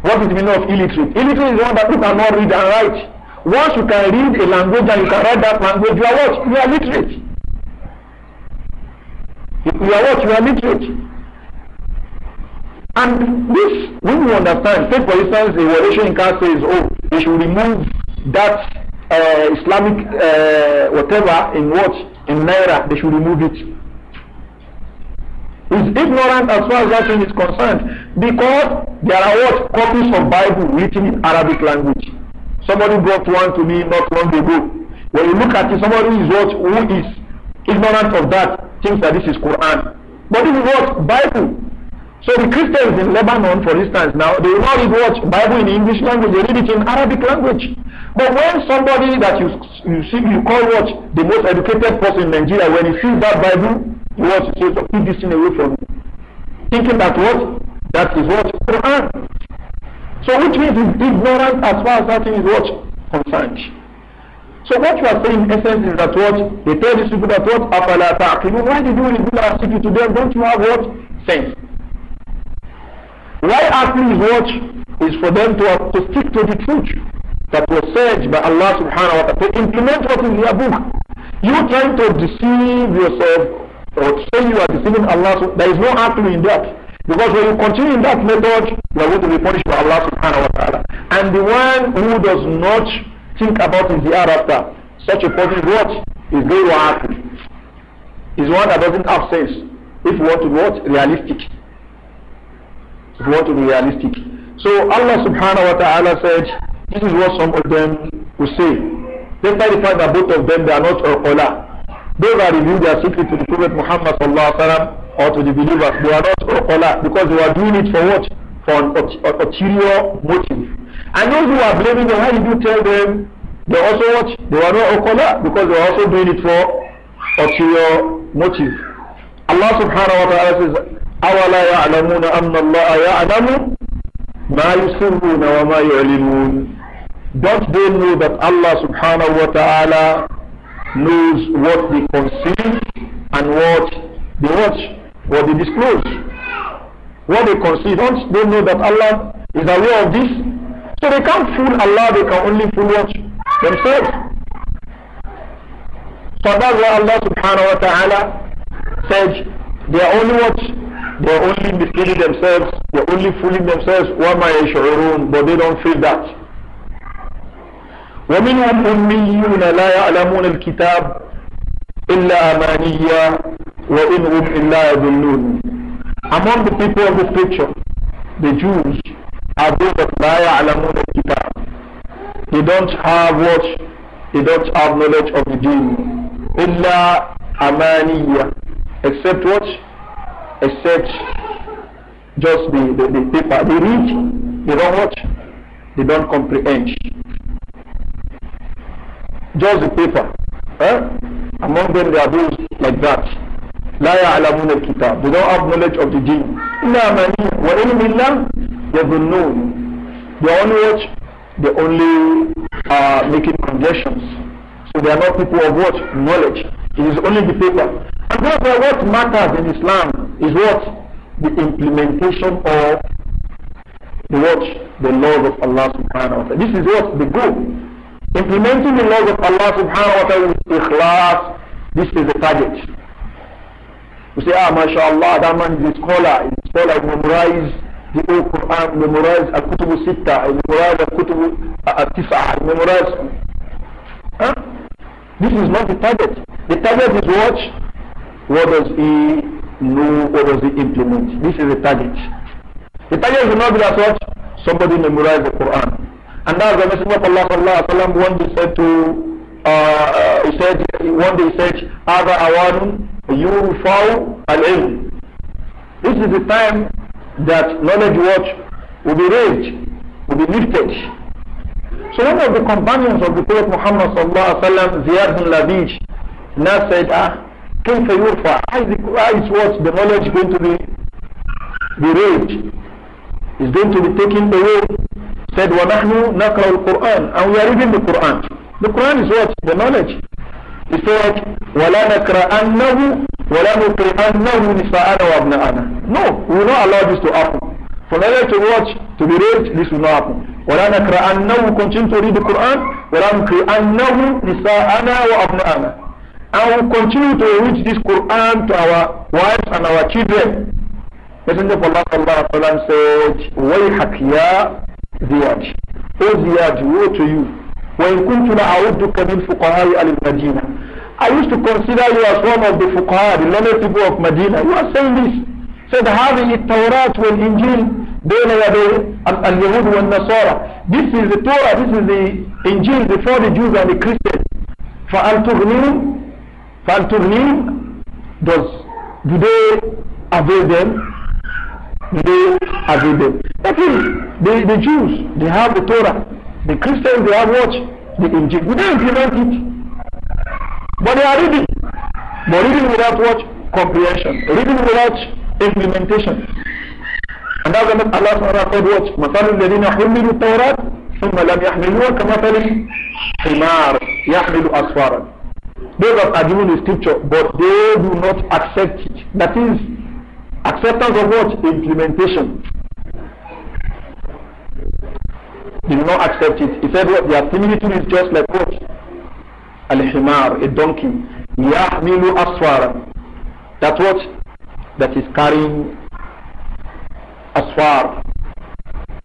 What is the meaning of illiterate? Illiterate is one that you cannot read and write. Once you can read a language and you can write that language, you are what? You are literate. we are what we are literate and this when you understand take for instance the evolution in car says oh they should remove that uh, islamic uh, whatever in what in naira they should remove it is ignorant as far as that thing is concerned because there are what copies of bible written in arabic language somebody brought one to me not long ago when you look at it somebody is what who is ignorant of that, thinks that this is Quran. But this is what? Bible. So the Christians in Lebanon, for instance, now, they will not read what? Bible in English language, they read it in Arabic language. But when somebody that you, you see, you call what? The most educated person in Nigeria, when he sees that Bible, he wants to say, oh, keep this thing away from me. Thinking that what? That is what? Quran. So which means ignorance ignorant as far as that thing is what? Concerned. So what you are saying in essence is that what they tell these people that what afala ta'qilun. Why did you when people are speaking to them? Don't you have what sense? Why asking is what is for them to to stick to the truth that was said by Allah Subhanahu wa Taala. To implement what is in the book. You trying to deceive yourself or say you are deceiving Allah. There is no actually in that. Because when you continue in that method, you are going to be punished by Allah subhanahu wa ta'ala. And the one who does not think about in the hereafter, such a person what is going to happen is one that doesn't have sense. If you want to be what? Realistic. If you want to be realistic. So Allah subhanahu wa ta'ala said, this is what some of them will say. Despite the fact that both of them they are not Urqala. Those that reveal their secret to the Prophet Muhammad sallallahu alaihi wasallam or to the believers, they are not Urqala because they are doing it for what? For an ulterior motive. And those who are blaming them, how did you tell them they also watch? They were not Okola because they were also doing it for ulterior motive. Allah subhanahu wa ta'ala says, أَوَلَا يَعْلَمُونَ أَنَّ اللَّهَ يَعْلَمُ مَا يُسِرُّونَ وَمَا يُعْلِمُونَ Don't they know that Allah subhanahu wa ta'ala knows what they conceal and what they watch, what they disclose, what they conceal. Don't they know that Allah is aware of this? So they can't fool Allah, they can only fool what? Themselves. So that's why Allah subhanahu wa ta'ala said, they are only what? They are only misleading themselves, they are only fooling themselves, وَمَا يَشْعُرُونَ But they don't feel that. وَمِنْهُمْ أُمِّيُّونَ لَا يَعْلَمُونَ الْكِتَابَ إِلَّا وَإِنْهُمْ إِلَّا Among the people of the scripture, the Jews, are they don't have what he don't have knowledge of the deen Illa amaniya, except what except just the, the, the paper they read they don't watch they don't comprehend just the paper eh? among them there are those like that لا يعلمون الكتاب they don't have knowledge of the deen إلا أمانية وإن بالله يظنون they only watch they only are uh, making conjectures so they are not people of what knowledge it is only the paper and therefore what matters in Islam is what the implementation of the what the laws of Allah subhanahu wa ta'ala this is what the goal implementing the laws of Allah subhanahu wa ta'ala with ikhlas this is the target we say, ah, mashallah, that man is a scholar. He's a scholar, he memorized the whole Quran, he memorized Al-Kutubu Sitta, he memorized Al-Kutubu uh, Atifa. tifa he memorized... Huh? This is not the target. The target is what? What does he know? What does he implement? This is the target. The target is not be that what? Somebody memorized the Quran. And that's the Messenger of Allah sallallahu alaihi wasallam one day said to, uh, uh he said, one day he said, هذا أوان يرفع العلم This is the time that knowledge what will be raised, will be lifted. So one of the companions of the Prophet Muhammad sallallahu alaihi wasallam, Ziyad bin Labij, now said, ah, كيف يرفع? How is, how is what the knowledge going to be, be raised? Is going to be taken away? Said, وَنَحْنُ نَقْرَأُ الْقُرْآنِ And we are reading the Qur'an. The Qur'an is what? The knowledge. He said, وَلَا نَكْرَأَنَّهُ وَلَا نُكْرِأَنَّهُ نِسَاءَنَا وَابْنَاءَنَا No, we will not allow this to happen. For Mary to watch, to be raped, this will not happen. ولا نكرأنه continue to read the Quran ولا نكرأنه نساءنا وأبناءنا and we continue to read this Quran to our wives and our children Messenger of Allah sallallahu alaihi wasallam said ويحك يا زياد O Ziyad woe to you وإن كنت لأعدك من فقهاء المدينة I used to consider you as one of the fuqaha, the learned people of Medina. You are saying this. Said, having it Tawrat wal Injil, بين يدي اليهود والنصارى. This is the Torah, this is the Injil before the Jews and the Christians. فأل تغنيهم فأل تغنيهم does, do they avail them? Do they avail them? That is, the, the Jews, they have the Torah. The Christians, they have what? The Injil. We don't implement it. But they are reading. But reading without watch Comprehension. Reading without implementation. And that's what Allah SWT said what? مثل الذين حملوا التوراة ثم لم يحملوها كمثل حمار يحمل أسفارا. Those are given the scripture, but they do not accept it. That is, acceptance of watch Implementation. They did not accept it. He said what well, their similitude is just like what? Al-Himar, a donkey. Yahmilu aswara. That's what? That is carrying aswar,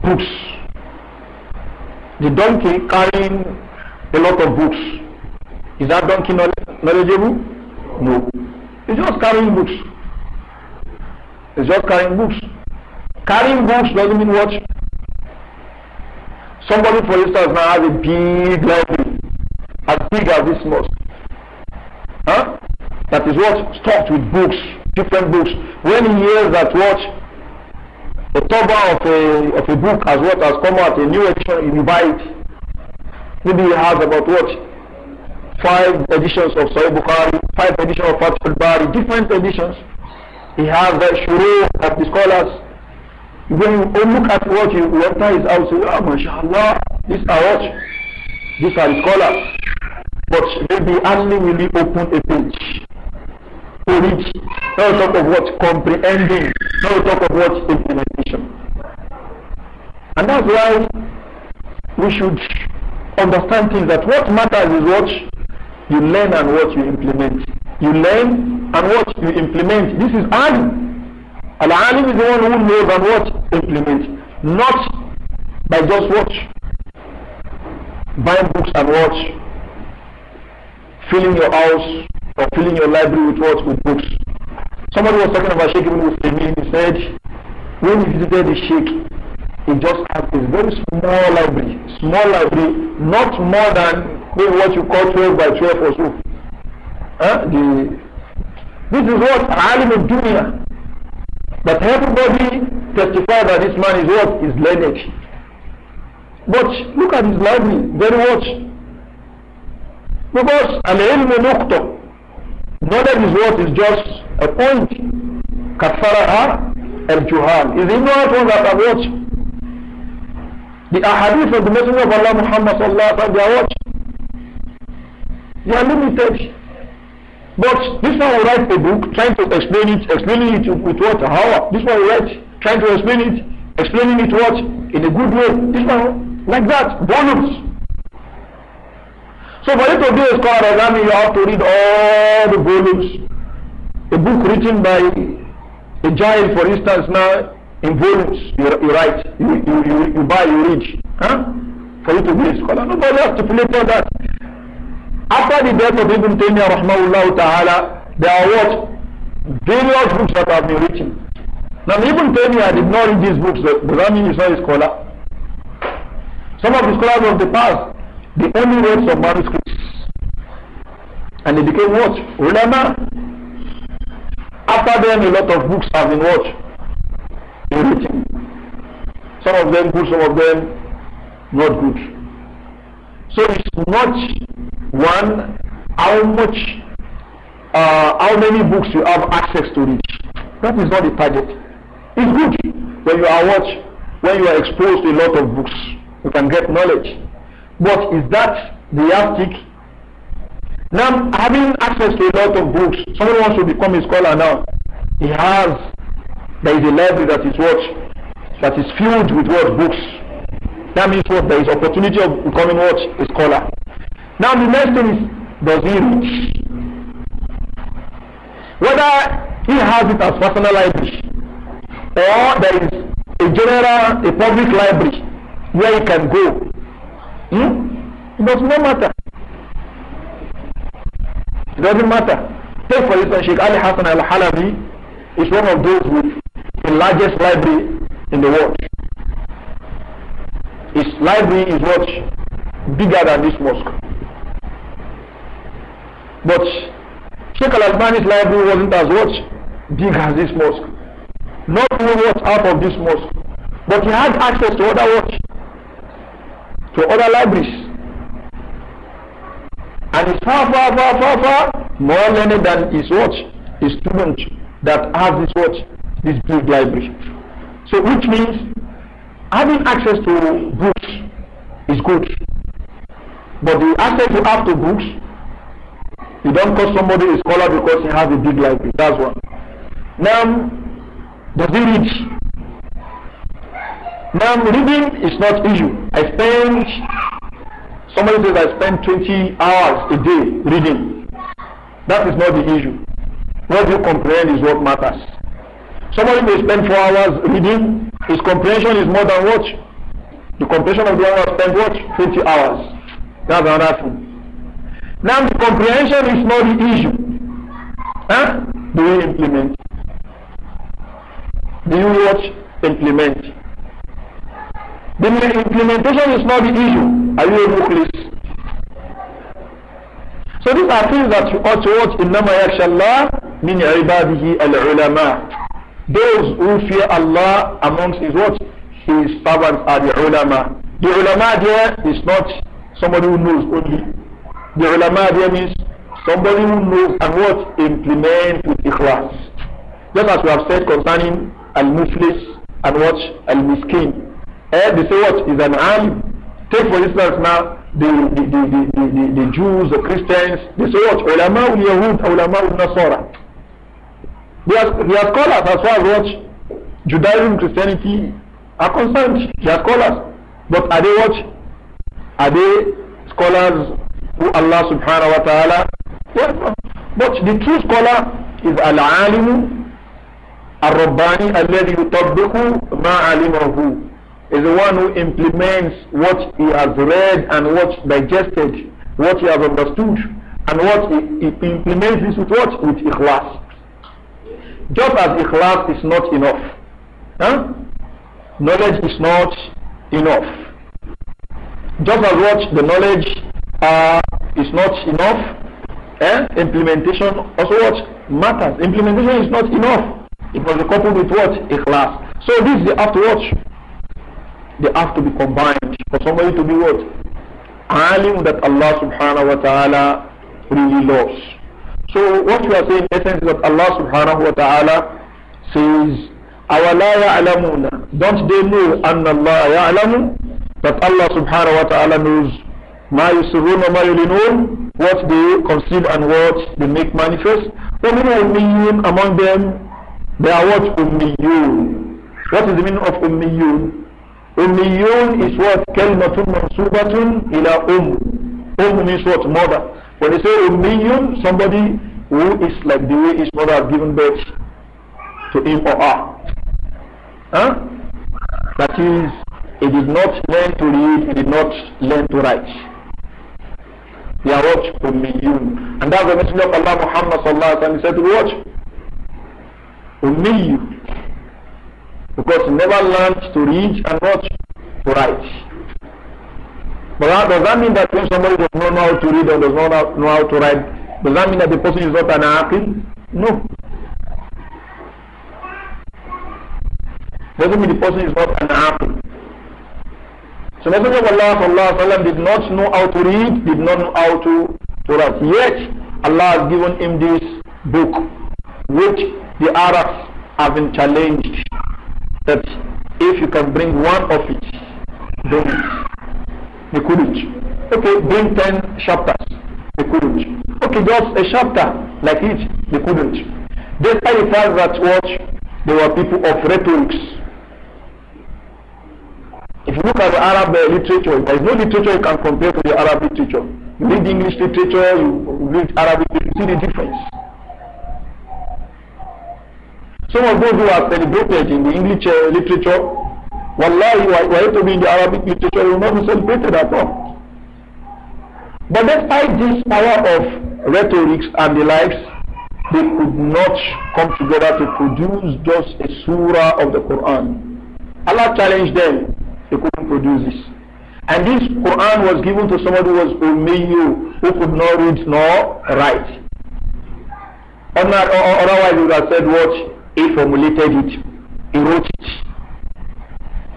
books. The donkey carrying a lot of books. Is that donkey knowledgeable? No. It's just carrying books. It's just carrying books. Carrying books doesn't mean what? Somebody, for instance, now has a big library, as big as this mosque. Huh? That is what stocked with books, different books. When he hears that what the cover of a of a book has what has come out, a new edition, in buy it. Maybe he has about what five editions of Sahih Bukhari, five editions of Fathul Bari, different editions. He has the shuru that the scholars When oh, look at what you what is out, say, oh, mashallah, these are what? These are the scholars. But maybe only will really open a page to read. Now talk of what? Comprehending. No talk of what? Implementation. And that's why we should understand things that what matters is what you learn and what you implement. You learn and what you implement. This is hard. Al-alim is the one who knows and what? implement, Not by just watch. Buying books and watch. Filling your house or filling your library with what? With books. Somebody was talking about Sheikh Ibn Uthaymeen. He said, when he visited the Sheikh, he just had a very small library, small library, not more than maybe what you call 12 by 12 or so. Huh? The, this is what Alim al-Dunya, But everybody testified that this man is what? Is learned. But look at his library, very much. Because al-ilm nukta. Knowledge is what is just a point. Kafaraha al-juhal. Is ignorant one that I watch. The ahadith of the Messenger of Allah Muhammad sallallahu alaihi wasallam, they are what? They are limited. But this one will write a book trying to explain it, explaining it with what? How? This one will write trying to explain it, explaining it what? In a good way. This one, like that, volumes. So for you to do a scholar of you have to read all the volumes. A book written by a giant, for instance, now in volumes, you, you write, you, you, you, you buy, you read. Huh? For you to be a scholar. Nobody has stipulated that. After the death of Ibn Taymiyyah rahmahullah ta'ala, there are what? Various books that have been written. Now Ibn Taymiyyah did not read these books, does that mean he's not scholar? Some of the scholars of the past, the only read of manuscripts. And they became what? Ulama. After them, a lot of books have been what? Been written. Some of them good, some of them not good. So it's much. One, how much, uh, how many books you have access to read. That is not the target. It's good when you are watch, when you are exposed to a lot of books, you can get knowledge. But is that the yardstick? Now, having access to a lot of books, someone wants to become a scholar now. He has, there is a library that is what that is filled with what books. That means what there is opportunity of becoming what a scholar. Now the next thing is, does he reach? Whether he has it as personal library or there is a general, a public library where he can go, hmm? it does not matter. It doesn't matter. Take for instance, Sheikh Ali Hassan al-Halabi is one of those with the largest library in the world. His library is much bigger than this mosque. But Sheikh Al-Albani's library wasn't as much big as this mosque. Not even what out of this mosque. But he had access to other what? To other libraries. And it's far, far, far, far, far more learned than his watch, his student that has this watch, this big library. So which means having access to books is good. But the access you have to books you don't call somebody a scholar because he has a big library. That's one. Now, does he read? Now, reading is not issue. I spend, somebody says I spend 20 hours a day reading. That is not the issue. What you comprehend is what matters. Somebody may spend four hours reading. His comprehension is more than what? The comprehension of the hour spent what? 20 hours. That's another thing. Now the comprehension is not the issue. Huh? Do you implement? Do you watch? Implement. The implementation is not the issue. Are you able to So these are things that you ought to watch. إِنَّمَا يَخْشَى اللَّهِ مِنْ al الْعُلَمَاءِ Those who fear Allah amongst his what? His servants are the ulama. The ulama there is not somebody who knows only. The ulama there means somebody who knows and what implement with ikhlas. Just as we have said concerning al-muflis and what al-miskin. Eh, they say what is an alim. Take for instance now the the, the, the, the, the Jews, the Christians, they say what? Ulama ul Yahud, ulama ul Nasara. They are, they are scholars as far as what Judaism, Christianity are concerned. They are scholars. But are they what? Are they scholars who Allah subhanahu wa ta'ala but the true scholar is al-alimu al-rabbani alladhi yutabbiqu ma'alimahu is the one who implements what he has read and what he digested what he has understood and what he, he implements this with what with ikhlas just as ikhlas is not enough huh? knowledge is not enough just as what the knowledge uh, is not enough. Eh? Implementation also what matters. Implementation is not enough. It must be coupled with what? A class. So this they have to watch. They have to be combined for somebody to be what? Alim that Allah subhanahu wa ta'ala really loves. So what we are saying in essence is that Allah subhanahu wa ta'ala says, أَوَلَا يَعْلَمُونَ Don't they know Allah اللَّهَ يَعْلَمُ That Allah subhanahu wa ta'ala knows ما يسرون وما يلنون what they conceal and what they make manifest ومن أميون among them they are what أميون what is the meaning of أميون أميون is what كلمة منصوبة إلى أم أم means what mother when they say أميون somebody who is like the way his mother has given birth to him or her huh? that is he did not learn to read, he did not learn to write. They are what? Ummiyun. And that's the Messenger of Allah Muhammad sallallahu alayhi wa said to watch. Ummiyu. Because never learned to read and not to write. But that, does that mean that when somebody does not know how to read or does not know how to write, does that mean that the person is not an aqil? No. Doesn't mean the person is not an aqil. So Messenger of Allah sallallahu did not know how to read, did not know how to, to write. Yet Allah has given him this book which the Arabs have been challenged that if you can bring one of it, then they couldn't. Okay, bring ten chapters, they couldn't. Okay, just a chapter like it, they couldn't. Despite the fact that what they were people of rhetorics, if you look at the Arab uh, literature, there is no literature you can compare to the Arab literature. You read English literature, you read Arabic, you see the difference. Some of those who are celebrated in the English uh, literature, wallahi, were to be in the Arabic literature, you will not be celebrated at all. But despite this power of rhetorics and the likes, they could not come together to produce just a surah of the Quran. Allah challenged them they couldn't produce this. And this Quran was given to somebody who was Umayyu, who could not read nor write. Otherwise, he would have said what? He formulated it. He wrote it.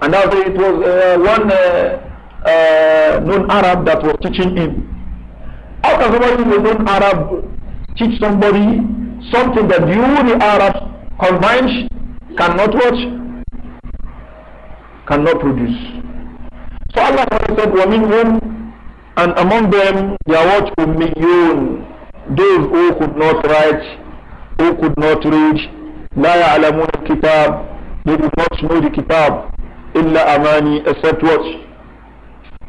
And after it was uh, one uh, uh, known Arab that was teaching him. How can somebody who is a known Arab teach somebody something that you, the Arab, combined cannot watch? cannot produce. So Allah said, وَمِنْهُمْ And among them, there were million Those who could not write, who could not read, لَا يَعْلَمُونَ الْكِتَابِ They do not know the kitab. إِلَّا amani, Except what?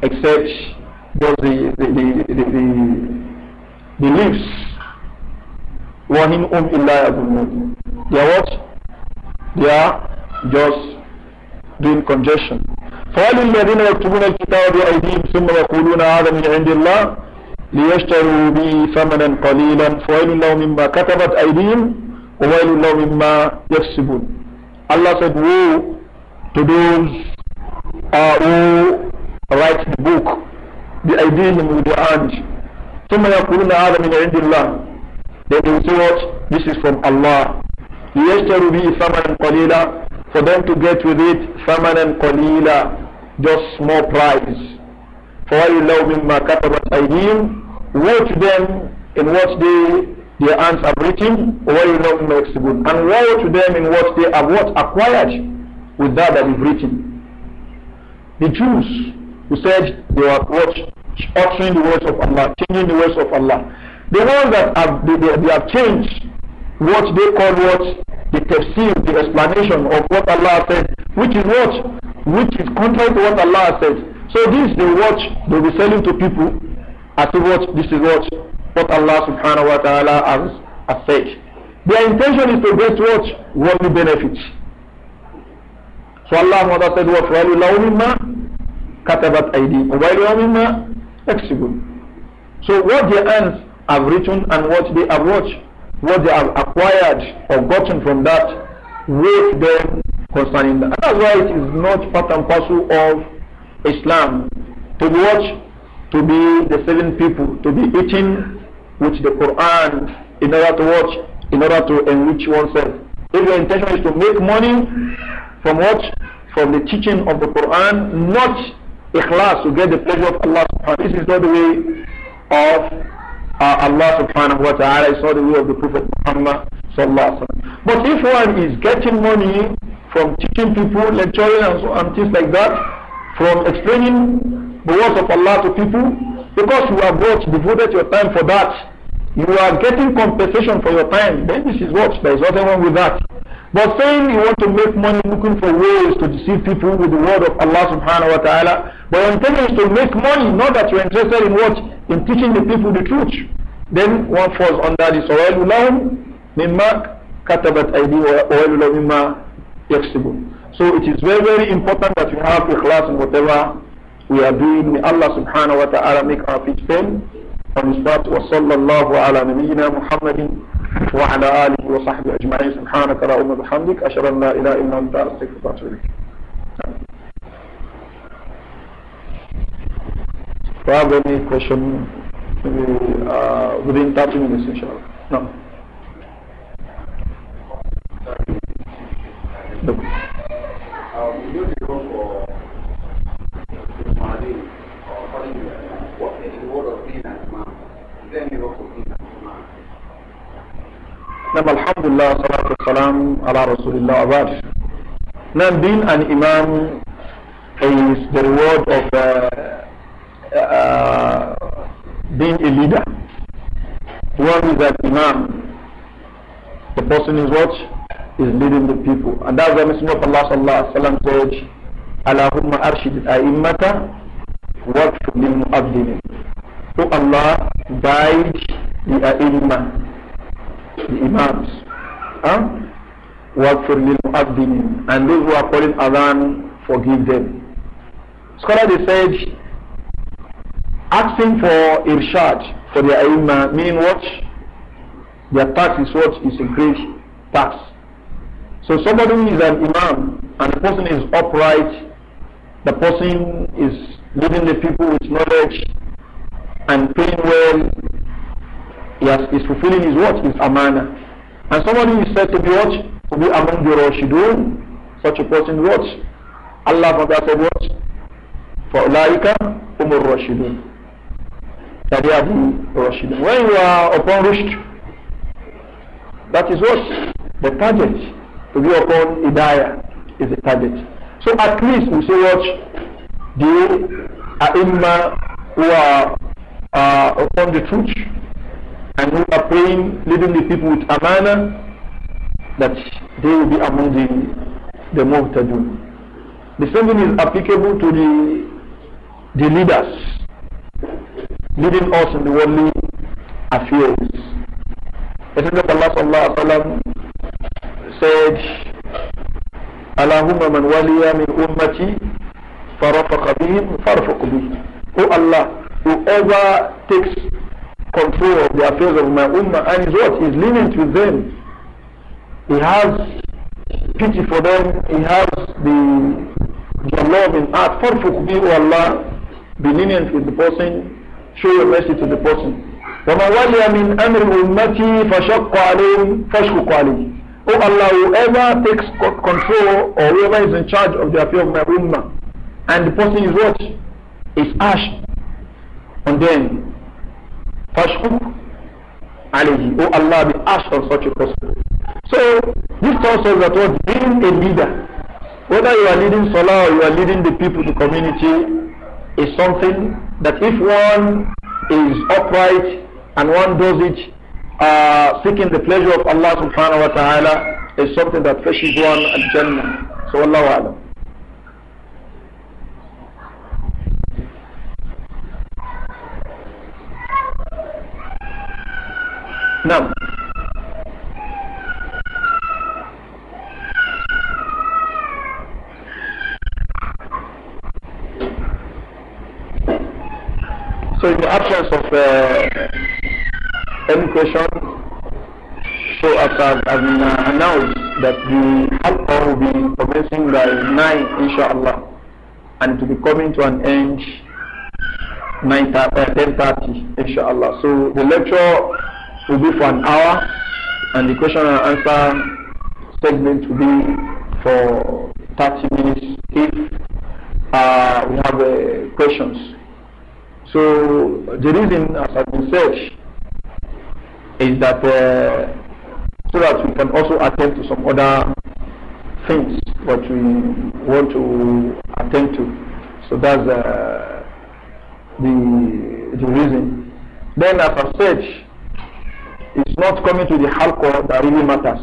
Except those the, the, the, the, the, the leaves. وَهِمْ أُمْ إِلَّا يَظُنُّونَ They are what? They are just doing congestion فهل الذين يكتبون الكتاب بأيديهم ثم يقولون هذا من عند الله ليشتروا به ثمنا قليلا فويل الله مما كتبت أيديهم وويل الله مما يكسبون الله said woe to those uh, who write the book بأيديهم with their hands ثم يقولون هذا من عند الله They will say what? This is from Allah. ليشتروا به ثمنا قليلا for them to get with it and قَلِيلًا just small price فَوَيْلَوْ مِمَّا كَتَبَتْ أَيْدِيهِمْ what to them in what they, their hands have written وَيْلَوْ makes good and woe to them in what they have what acquired with that that is written the Jews who said they were what uttering the words of Allah changing the words of Allah the ones that have they, they, they have changed what they call what the tafsir, the explanation of what Allah said, which is what? Which is contrary to what Allah said. So this they watch, they'll be selling to people as to what this is what what Allah subhanahu wa ta'ala has, has said. Their intention is to get what? the benefits. So Allah Mother said what وَلِلَّهُ كَتَبَتْ أَيْدِيكُمْ وَإِلَّهُ مِمَّا يَكْسِبُونَ So what the ants have written and what they have watched what they have acquired or gotten from that, weight them concerning that. And that's why it is not part and parcel of Islam to be what? To be the seven people, to be eating with the Quran in order to watch, in order to enrich oneself. If your intention is to make money from what? From the teaching of the Quran, not ikhlas to get the pleasure of Allah. This is not the way of uh, Allah subhanahu wa ta'ala is not the way of the Prophet Muhammad sallallahu alaihi wasallam. But if one is getting money from teaching people, lecturing and, so, and things like that, from explaining the words of Allah to people, because you have both devoted your time for that, you are getting compensation for your time, then this is what? There is nothing wrong with that. But saying you want to make money looking for ways to deceive people with the word of Allah subhanahu wa ta'ala, but your intention is to make money, not that you're interested in what? In teaching the people the truth. Then one falls under this. So, لَهُمْ مِمَّا كَتَبَتْ أَيْدِي وَوَيْلُ لَهُمْ So it is very, very important that we have class in whatever we are doing. May Allah subhanahu wa ta'ala make our feet firm. المصبات وصلى الله على نبينا محمد وعلى آله وصحبه أجمعين سبحانك اللهم وبحمدك أشهد أن لا إله إلا أنت أستغفرك وأتوب إليك have any question maybe, uh, within 30 minutes inshallah. No. no. Um, نعم الحمد لله صلاة والسلام على رسول الله وبعد نعم being an imam is the reward of uh, uh, being a leader. One is that imam, the person is what? Is leading the people. And that's why Messenger of Allah sallallahu alayhi wa sallam said, Allahumma arshid al-a'immata waqf lil-mu'addinin. So Allah guide the ai the Imams. Waqfir lil muaddinin. And those who are calling Adhan, forgive them. Scholar they said, asking for irshad for the ai meaning what? Their tax is what? Is a great tax. So somebody who is an imam and the person is upright, the person is leading the people with knowledge, and paying well, he has, is fulfilling his what? His amana. And somebody is said to be what? To be among the roshidun, such a person what? Allah said what? For laika Umur roshidun. That they are the Rashidun. When you are upon Rushd, that is what? The target. To be upon idaya is the target. So at least we say what? The Aimma who are uh, upon the truth and who are praying, leading the people with amana, that they will be among the, the muhtadun. The same thing is applicable to the, the leaders, leading us in the worldly affairs. The of Allah sallallahu alaihi wasallam said, "Allahumma man waliya min ummati farafaq bihim farafaq bihim." Oh Allah, whoever takes control of the affairs of my ummah and is what is lenient with them. He has pity for them. He has the the love in heart. Farfuk bi Allah, be lenient with the person. Show your mercy to the person. وَمَنْ وَلِيَ مِنْ أَمْرِ أُمَّتِي فَشَقَّ عَلَيْهِم فَشْقُقْ عَلَيْهِ Oh Allah, whoever takes control or whoever is in charge of the affair of my ummah, and the person is what? Is ash And then, Fashku alayhi. Oh Allah, be asked on such a person. So this tells us that what being a leader, whether you are leading Salah or you are leading the people, the community, is something that if one is upright and one does it uh, seeking the pleasure of Allah subhanahu wa ta'ala is something that fetches one al-Jannah. So Allah wa No. So in the absence of uh, any question, so as I've, I've announced that the alcohol will be commencing by 9 inshallah and to be coming to an end 9 uh, 10.30 inshallah. So the lecture will be for an hour and the question and answer segment will be for 30 minutes if uh, we have uh, questions. So the reason, as I've been said, is that uh, so that we can also attend to some other things that we want to attend to. So that's uh, the the reason. Then, as I said, it's not coming to the hardcore that really matters.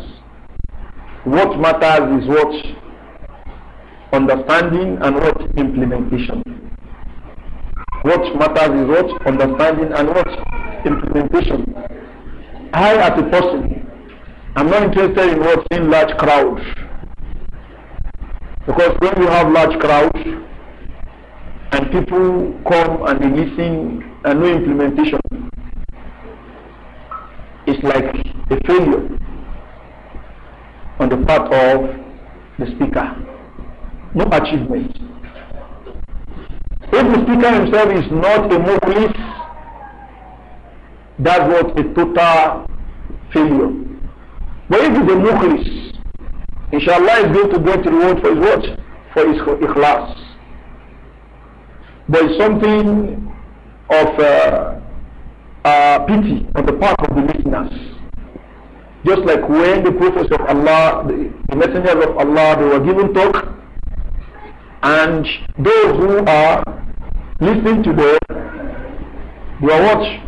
What matters is what understanding and what implementation. What matters is what understanding and what implementation. I as a person, I'm not interested in what's in large crowds. Because when you have large crowds and people come and they listen and no implementation, is like a failure on the part of the speaker. No achievement. If the speaker himself is not a mukhlis, that was a total failure. But if he's a mukhlis, inshallah he's going to get reward for his what? For his ikhlas. There is something of uh, uh, pity on the part of the listeners. Just like when the prophets of Allah, the, messengers of Allah, they were given talk, and those who are listening to them, they were what?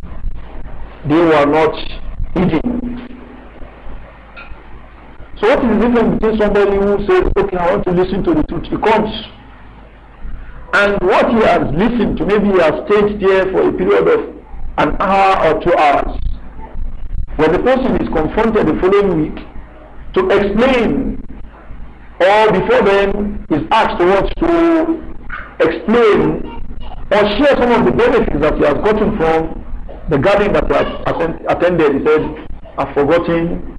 They were not eating. So what is the difference between somebody who says, okay, I want to listen to the truth, he comes. And what he has listened to, maybe he has stayed there for a period of an hour or two hours. When the person is confronted the following week to explain, or before then is asked what to explain or share some of the benefits that he has gotten from the gathering that he has attended, he said, I've forgotten.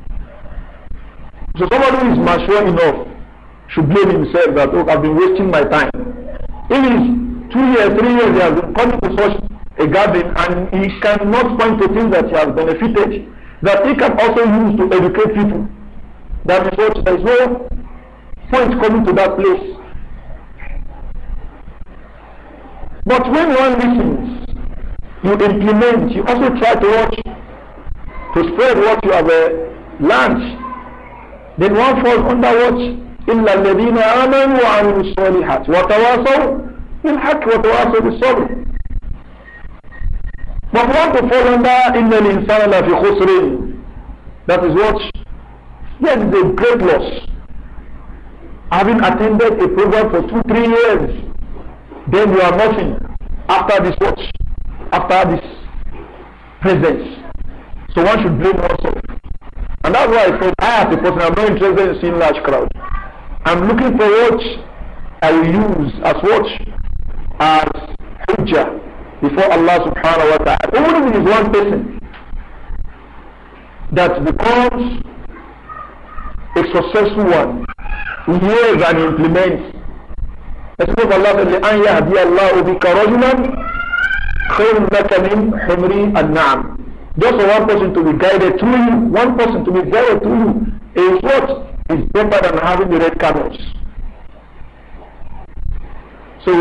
So somebody who is mature enough should blame himself that, look, oh, I've been wasting my time. It is two years, three years, he has been coming to such a garden and he cannot point to things that he has benefited that he can also use to educate people. That is what there is no point coming to that place. But when one listens, you implement, you also try to watch, to spread what you have uh, learned. Then one falls under what? إلا الذين آمنوا وعملوا الصالحات وتواصوا بالحق وتواصوا بالصبر but one to fall under in the of lafi khusrin. That is what? Yes, a great loss. Having attended a program for two, three years, then you are nothing after this watch, after this presence. So one should blame oneself. And that's why I said, I as a person, I'm not interested in seeing large crowd. I'm looking for what I will use as watch As hijab before Allah subhanahu wa ta'ala, even if it is one person that becomes a successful one, hears and implements. Especially Allah the لأن يهدي الله بك رجلا خير لك من حمر النعم. Just one person to be guided through you, one person to be guided through you is what is better than having the red camels. So,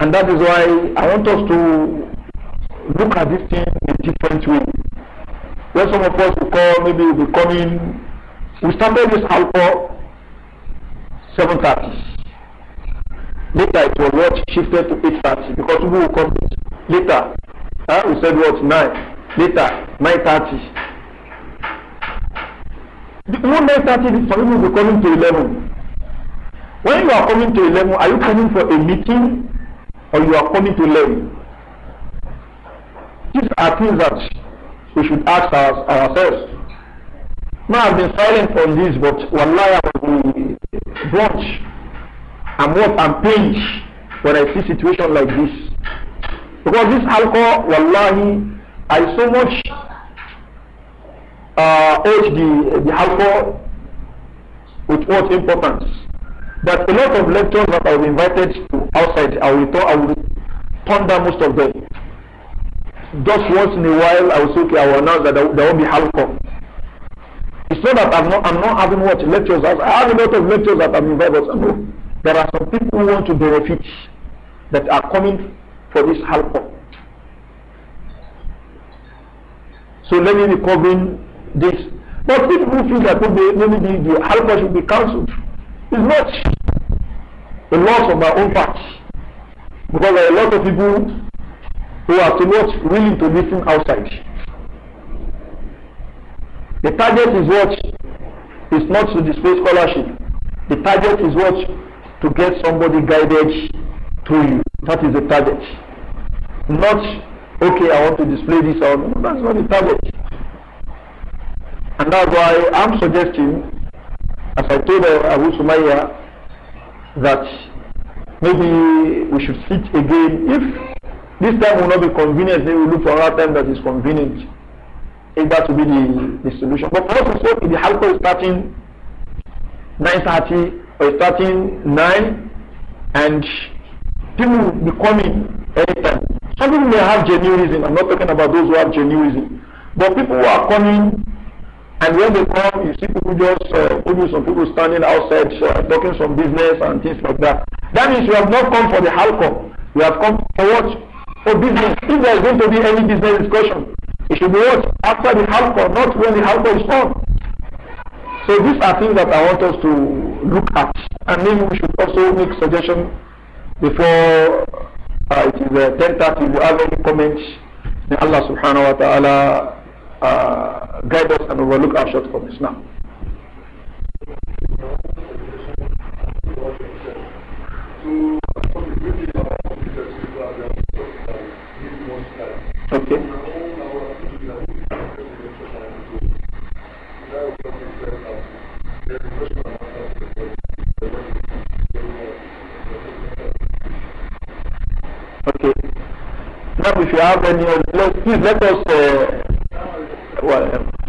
and that is why I want us to look at this thing in a different way. Where some of us call, maybe we be coming. We started this alcohol thirty. Later it was what shifted to eight thirty because people will come later. Huh? Ah, we said what? nine. Later, nine thirty. The moment 30, some people will be coming to eleven. When you are coming to a level, are you coming for a meeting or you are coming to learn? These are things that we should ask our, ourselves. Now have been silent on this, but wallahi I will be blunt. and what I'm pained when I see situation like this. Because this alcohol, wallahi, I so much uh, urge the, the alcohol with what importance. But a lot of lectures that I was invited to outside, I will, I will ponder most of them. Just once in a while, I will say, okay, I will announce that there, will be halqa. It's not that I'm not, I'm not having what lectures. I have a lot of lectures that I'm invited No. There are some people who want to benefit that are coming for this halqa. So let me be covering this. But people feel that maybe the halqa should be cancelled. It's not. The loss of my own patch, Because there are a lot of people who are too not willing to listen outside. The target is what is not to display scholarship. The target is what to get somebody guided to you. That is the target. Not okay, I want to display this or that's not the target. And that's why I'm suggesting, as I told uh, Abu Sumaya, that maybe we should sit again. If this time will not be convenient, then we look for another time that is convenient. If that will be the, the solution. But for us to say if the halqa is starting 9.30 or starting 9 and people will be coming anytime. Some people may have genuine reason. I'm not talking about those who have genuine reason. But people who are coming And when they come, you see people just, uh, maybe some people standing outside uh, talking some business and things like that. That means you have not come for the halcom. You have come for what? For business. If there is going to be any business discussion, it should be what? After the halcom, not when the halcom is on. So these are things that I want us to look at. And maybe we should also make suggestion before uh, it is uh, 10.30. If you have any comments, may Allah subhanahu wa ta'ala uh, guide us and overlook our shortcomings. Now, Okay. Okay. Now, if you have any, let, please let us uh, well,